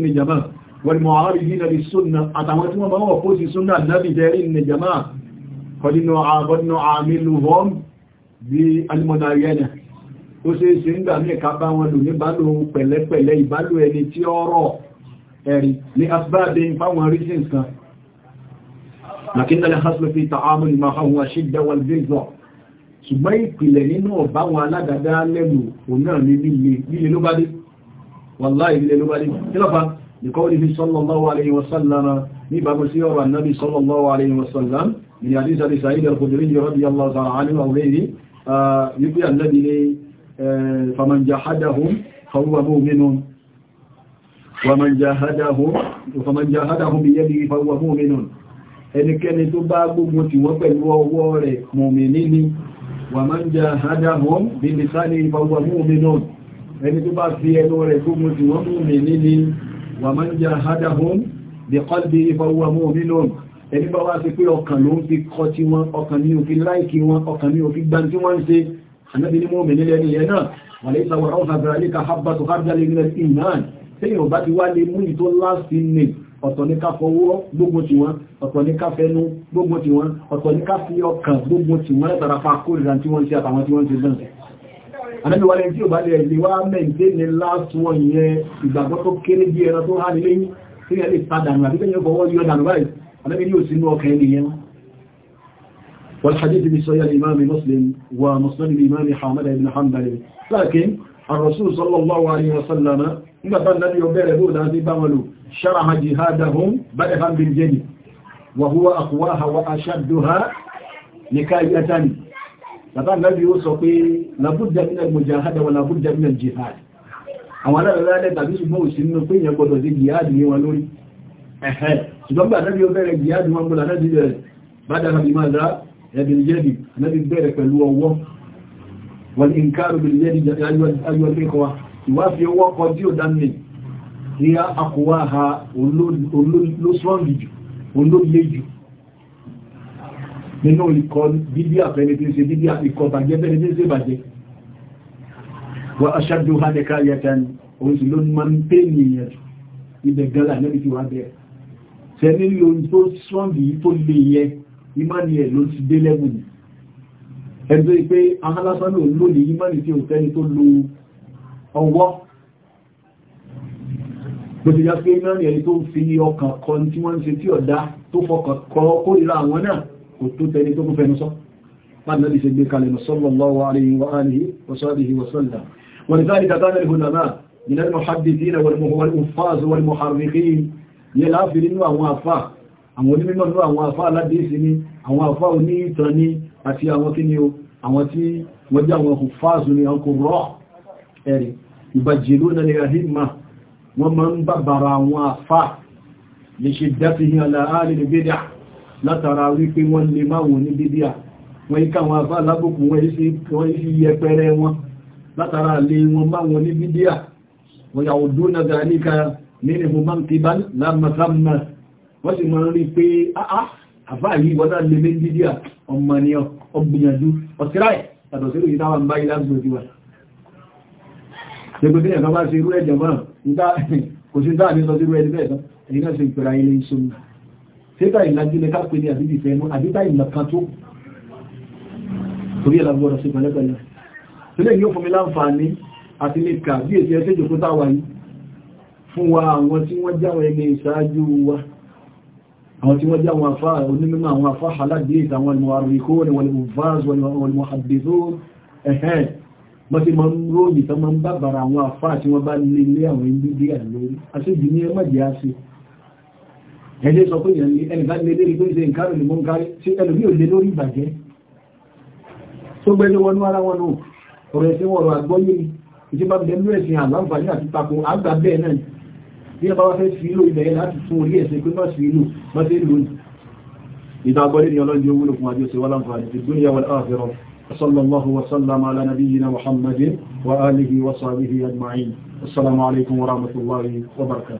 ní ó ṣe é ṣe ń gbà mí ká bá wọn lò níbálò pẹ̀lẹ́pẹ̀lẹ́ ìbálò ẹni tí ó rọ̀ ẹ̀rí ní asbáàdé fáwọn reasons kan lakinna al-hasl fi ta'amul ma huwa shidda wal ghilza ṣùgbọ́n ìpìlẹ̀ nínú ọ̀bá wọn aládàdá lẹ́nu òun náà ní صلى الله عليه وسلم نباب سيرة النبي صلى الله عليه وسلم من حديث سعيد الخدري رضي الله تعالى عنه أوليه يقول النبي فمن جحدهم فهو مؤمن ومن جاهدهم فمن جاهدهم بيده فهو مؤمن ẹnikẹ́ni tó bá gbogbo tí wọ́n pẹ̀lú ọwọ́ rẹ̀ mùmìnì ni wa man jahadahum bi lisanihi fahuwa mu'minun ẹni tó bá fi ẹnu rẹ̀ gbogbo tí wọ́n mùmìnì ni wa man jahadahum bi qalbihi fahuwa mu'minun ẹni bá wá sí pé ọkàn ló ń fi kọ́ tí wọ́n ọkàn ní òfin láìkí wọn ọkàn ní òfin gbá tí wọ́n ń ṣe ànábì ní mọ́mìnì lẹ́ni yẹn náà wà lè sàwọ̀ ọ̀fà bẹ̀rẹ̀ ká hábà tó hábà lè nílẹ̀ sí ìmáàn tí yóò bá ti wá lè mú ìtó láti nì ọ̀tọ̀ ní ká fọwọ́ gbógun ti wọn ọ̀tọ̀ ní ká fẹnu gbógun ti wọn ọ̀tọ̀ ní ká fi ọkàn gbógun ti wọn látara pa kórìíra tí wọ́n ṣe àtàwọn tí wọ́n ṣe náà ní láti ọkàn ẹni والحديث بصحيح الإمام مسلم ومسلم الإمام حامد بن حنبل لكن الرسول صلى الله عليه وسلم نبى النبي وبيره لازم بملو شرح جهادهم بدءا بالجن وهو أقواها وأشدها نكاية نبى النبي وصفي لابد من المجاهدة ولابد من الجهاد àwọn aláàrẹ́lẹ́ tàbí ṣùgbọ́n òsìnú pé ìyẹn gbọdọ̀ sí jihad ní wọn lórí ẹ̀hẹ́ ṣùgbọ́n bá náà bí ó bẹ̀rẹ̀ jihad wọn gbọdọ̀ náà yẹ́dìyẹ́dì lẹ́bí bẹ̀rẹ̀ pẹ̀lú ọwọ́ wọ́n ní nǹkan rúbìlẹ́dì ayọ́lẹ́kọ́wà ìwáfí ọwọ́ kọ tí ó dánilẹ̀ ní àkọwà ha olóṣọ́ǹdì jù olóòlé jù nínú ikọ̀ bíbí àfẹ́ni tí ń ṣe bíbí ikọ̀ bàjẹ́ fẹ́ni tí ń ṣe bàjẹ́ wọ́n aṣáájú ha ní káyẹta ni òun sì ló máa ń pè ní ìyẹn ibẹ̀ gẹ́lá lẹ́bí ti wá bẹ́ẹ̀ ìmánì ẹ̀ ló ti dé lẹ́bùn ẹgbẹ́ pé ahálásán ló lóde ìmánì tí ó tẹ́ni tó lo ọwọ́ bó ti já pé ìmánì ẹni tó fi ọkàn kọ tí wọ́n ń ṣe tí ọ̀dá tó fọkàn kọ kórìíra àwọn náà kò tó tẹ́ni tó ولذلك كان العلماء من المحدثين والمحفاظ والمحرقين يلعب لنوع àwọn onímọ̀ ní àwọn afá aládìísí ní àwọn afá oní ìtàn ní àti àwọn kí ni o àwọn tí wọ́n jẹ́ àwọn fásù ní ọkọ̀ rọ́ ẹ̀rì ìbàjìlú na ìrìnmà wọ́n máa ń bàbàrà àwọn afá lè ṣe dáfihì aláàrí ní bídà látara wípé wọ́n lè máa wọ́n ní bídà wọ́n iká àwọn afá alábùkù wọ́n isi yẹpẹrẹ wọn látara lè wọn máa wọ́n sì máa ń rí pé ah, ah, àbá yìí wọ́dá lè mé dídíà ọmọ ni ọgbìyànjú ọ̀tíráì yàtọ̀ sí ìdáwà ń bá ilá gbòdíwà ṣegbẹ́gbẹ́ ẹ̀kan bá ṣe irú ẹ̀jẹ̀ mọ́ kò sí dáa ní sọ sírú ẹni bẹ́ẹ̀ tán èyí náà ṣe ìpẹ̀rẹ̀ ilé iṣẹ́ mi ṣéta ìlàjú lè ká pé ní àbíbì fẹ́ mú àbíbá ìlà kan tó torí ẹ̀lá gbọ́dọ̀ sí pẹ̀lẹ́pẹ̀lẹ́ sílẹ̀ yóò fún mi láǹfààní àti lè kà bí èsì ẹsẹ́ ìjòkó táwa yìí fún wa àwọn tí wọ́n jáwọ́ ẹni ìṣáájú wa àwọn tí wọ́n jẹ́ àwọn afá onímọ̀ àwọn afá halagbe àwọn almuwariko walmufaz walmuhaddiso ẹ̀hẹ́ wọ́n ti máa ń ròyìn tán máa ń bàbàrà àwọn afá tí wọ́n bá lè lé àwọn ìdíbí àlórí aṣíjì ní ẹmọ́jì á sí ẹjẹ́ sọ pé ìyẹn ẹnìká lè lérí pé ṣe nǹkan rẹ̀ mọ́ ń lórí bí ẹ bá wá fẹ́ fi ìlò ilẹ̀ yẹn láti fún orí ẹ̀sẹ̀ pé má fi ìlò má fẹ́ lò ní ìdágbọ́lé ni ọlọ́run wúlò fún àjọsí wà láǹfààní ti الله وسلم على نبينا محمد وآله وصحبه أجمعين السلام عليكم ورحمة الله وبركاته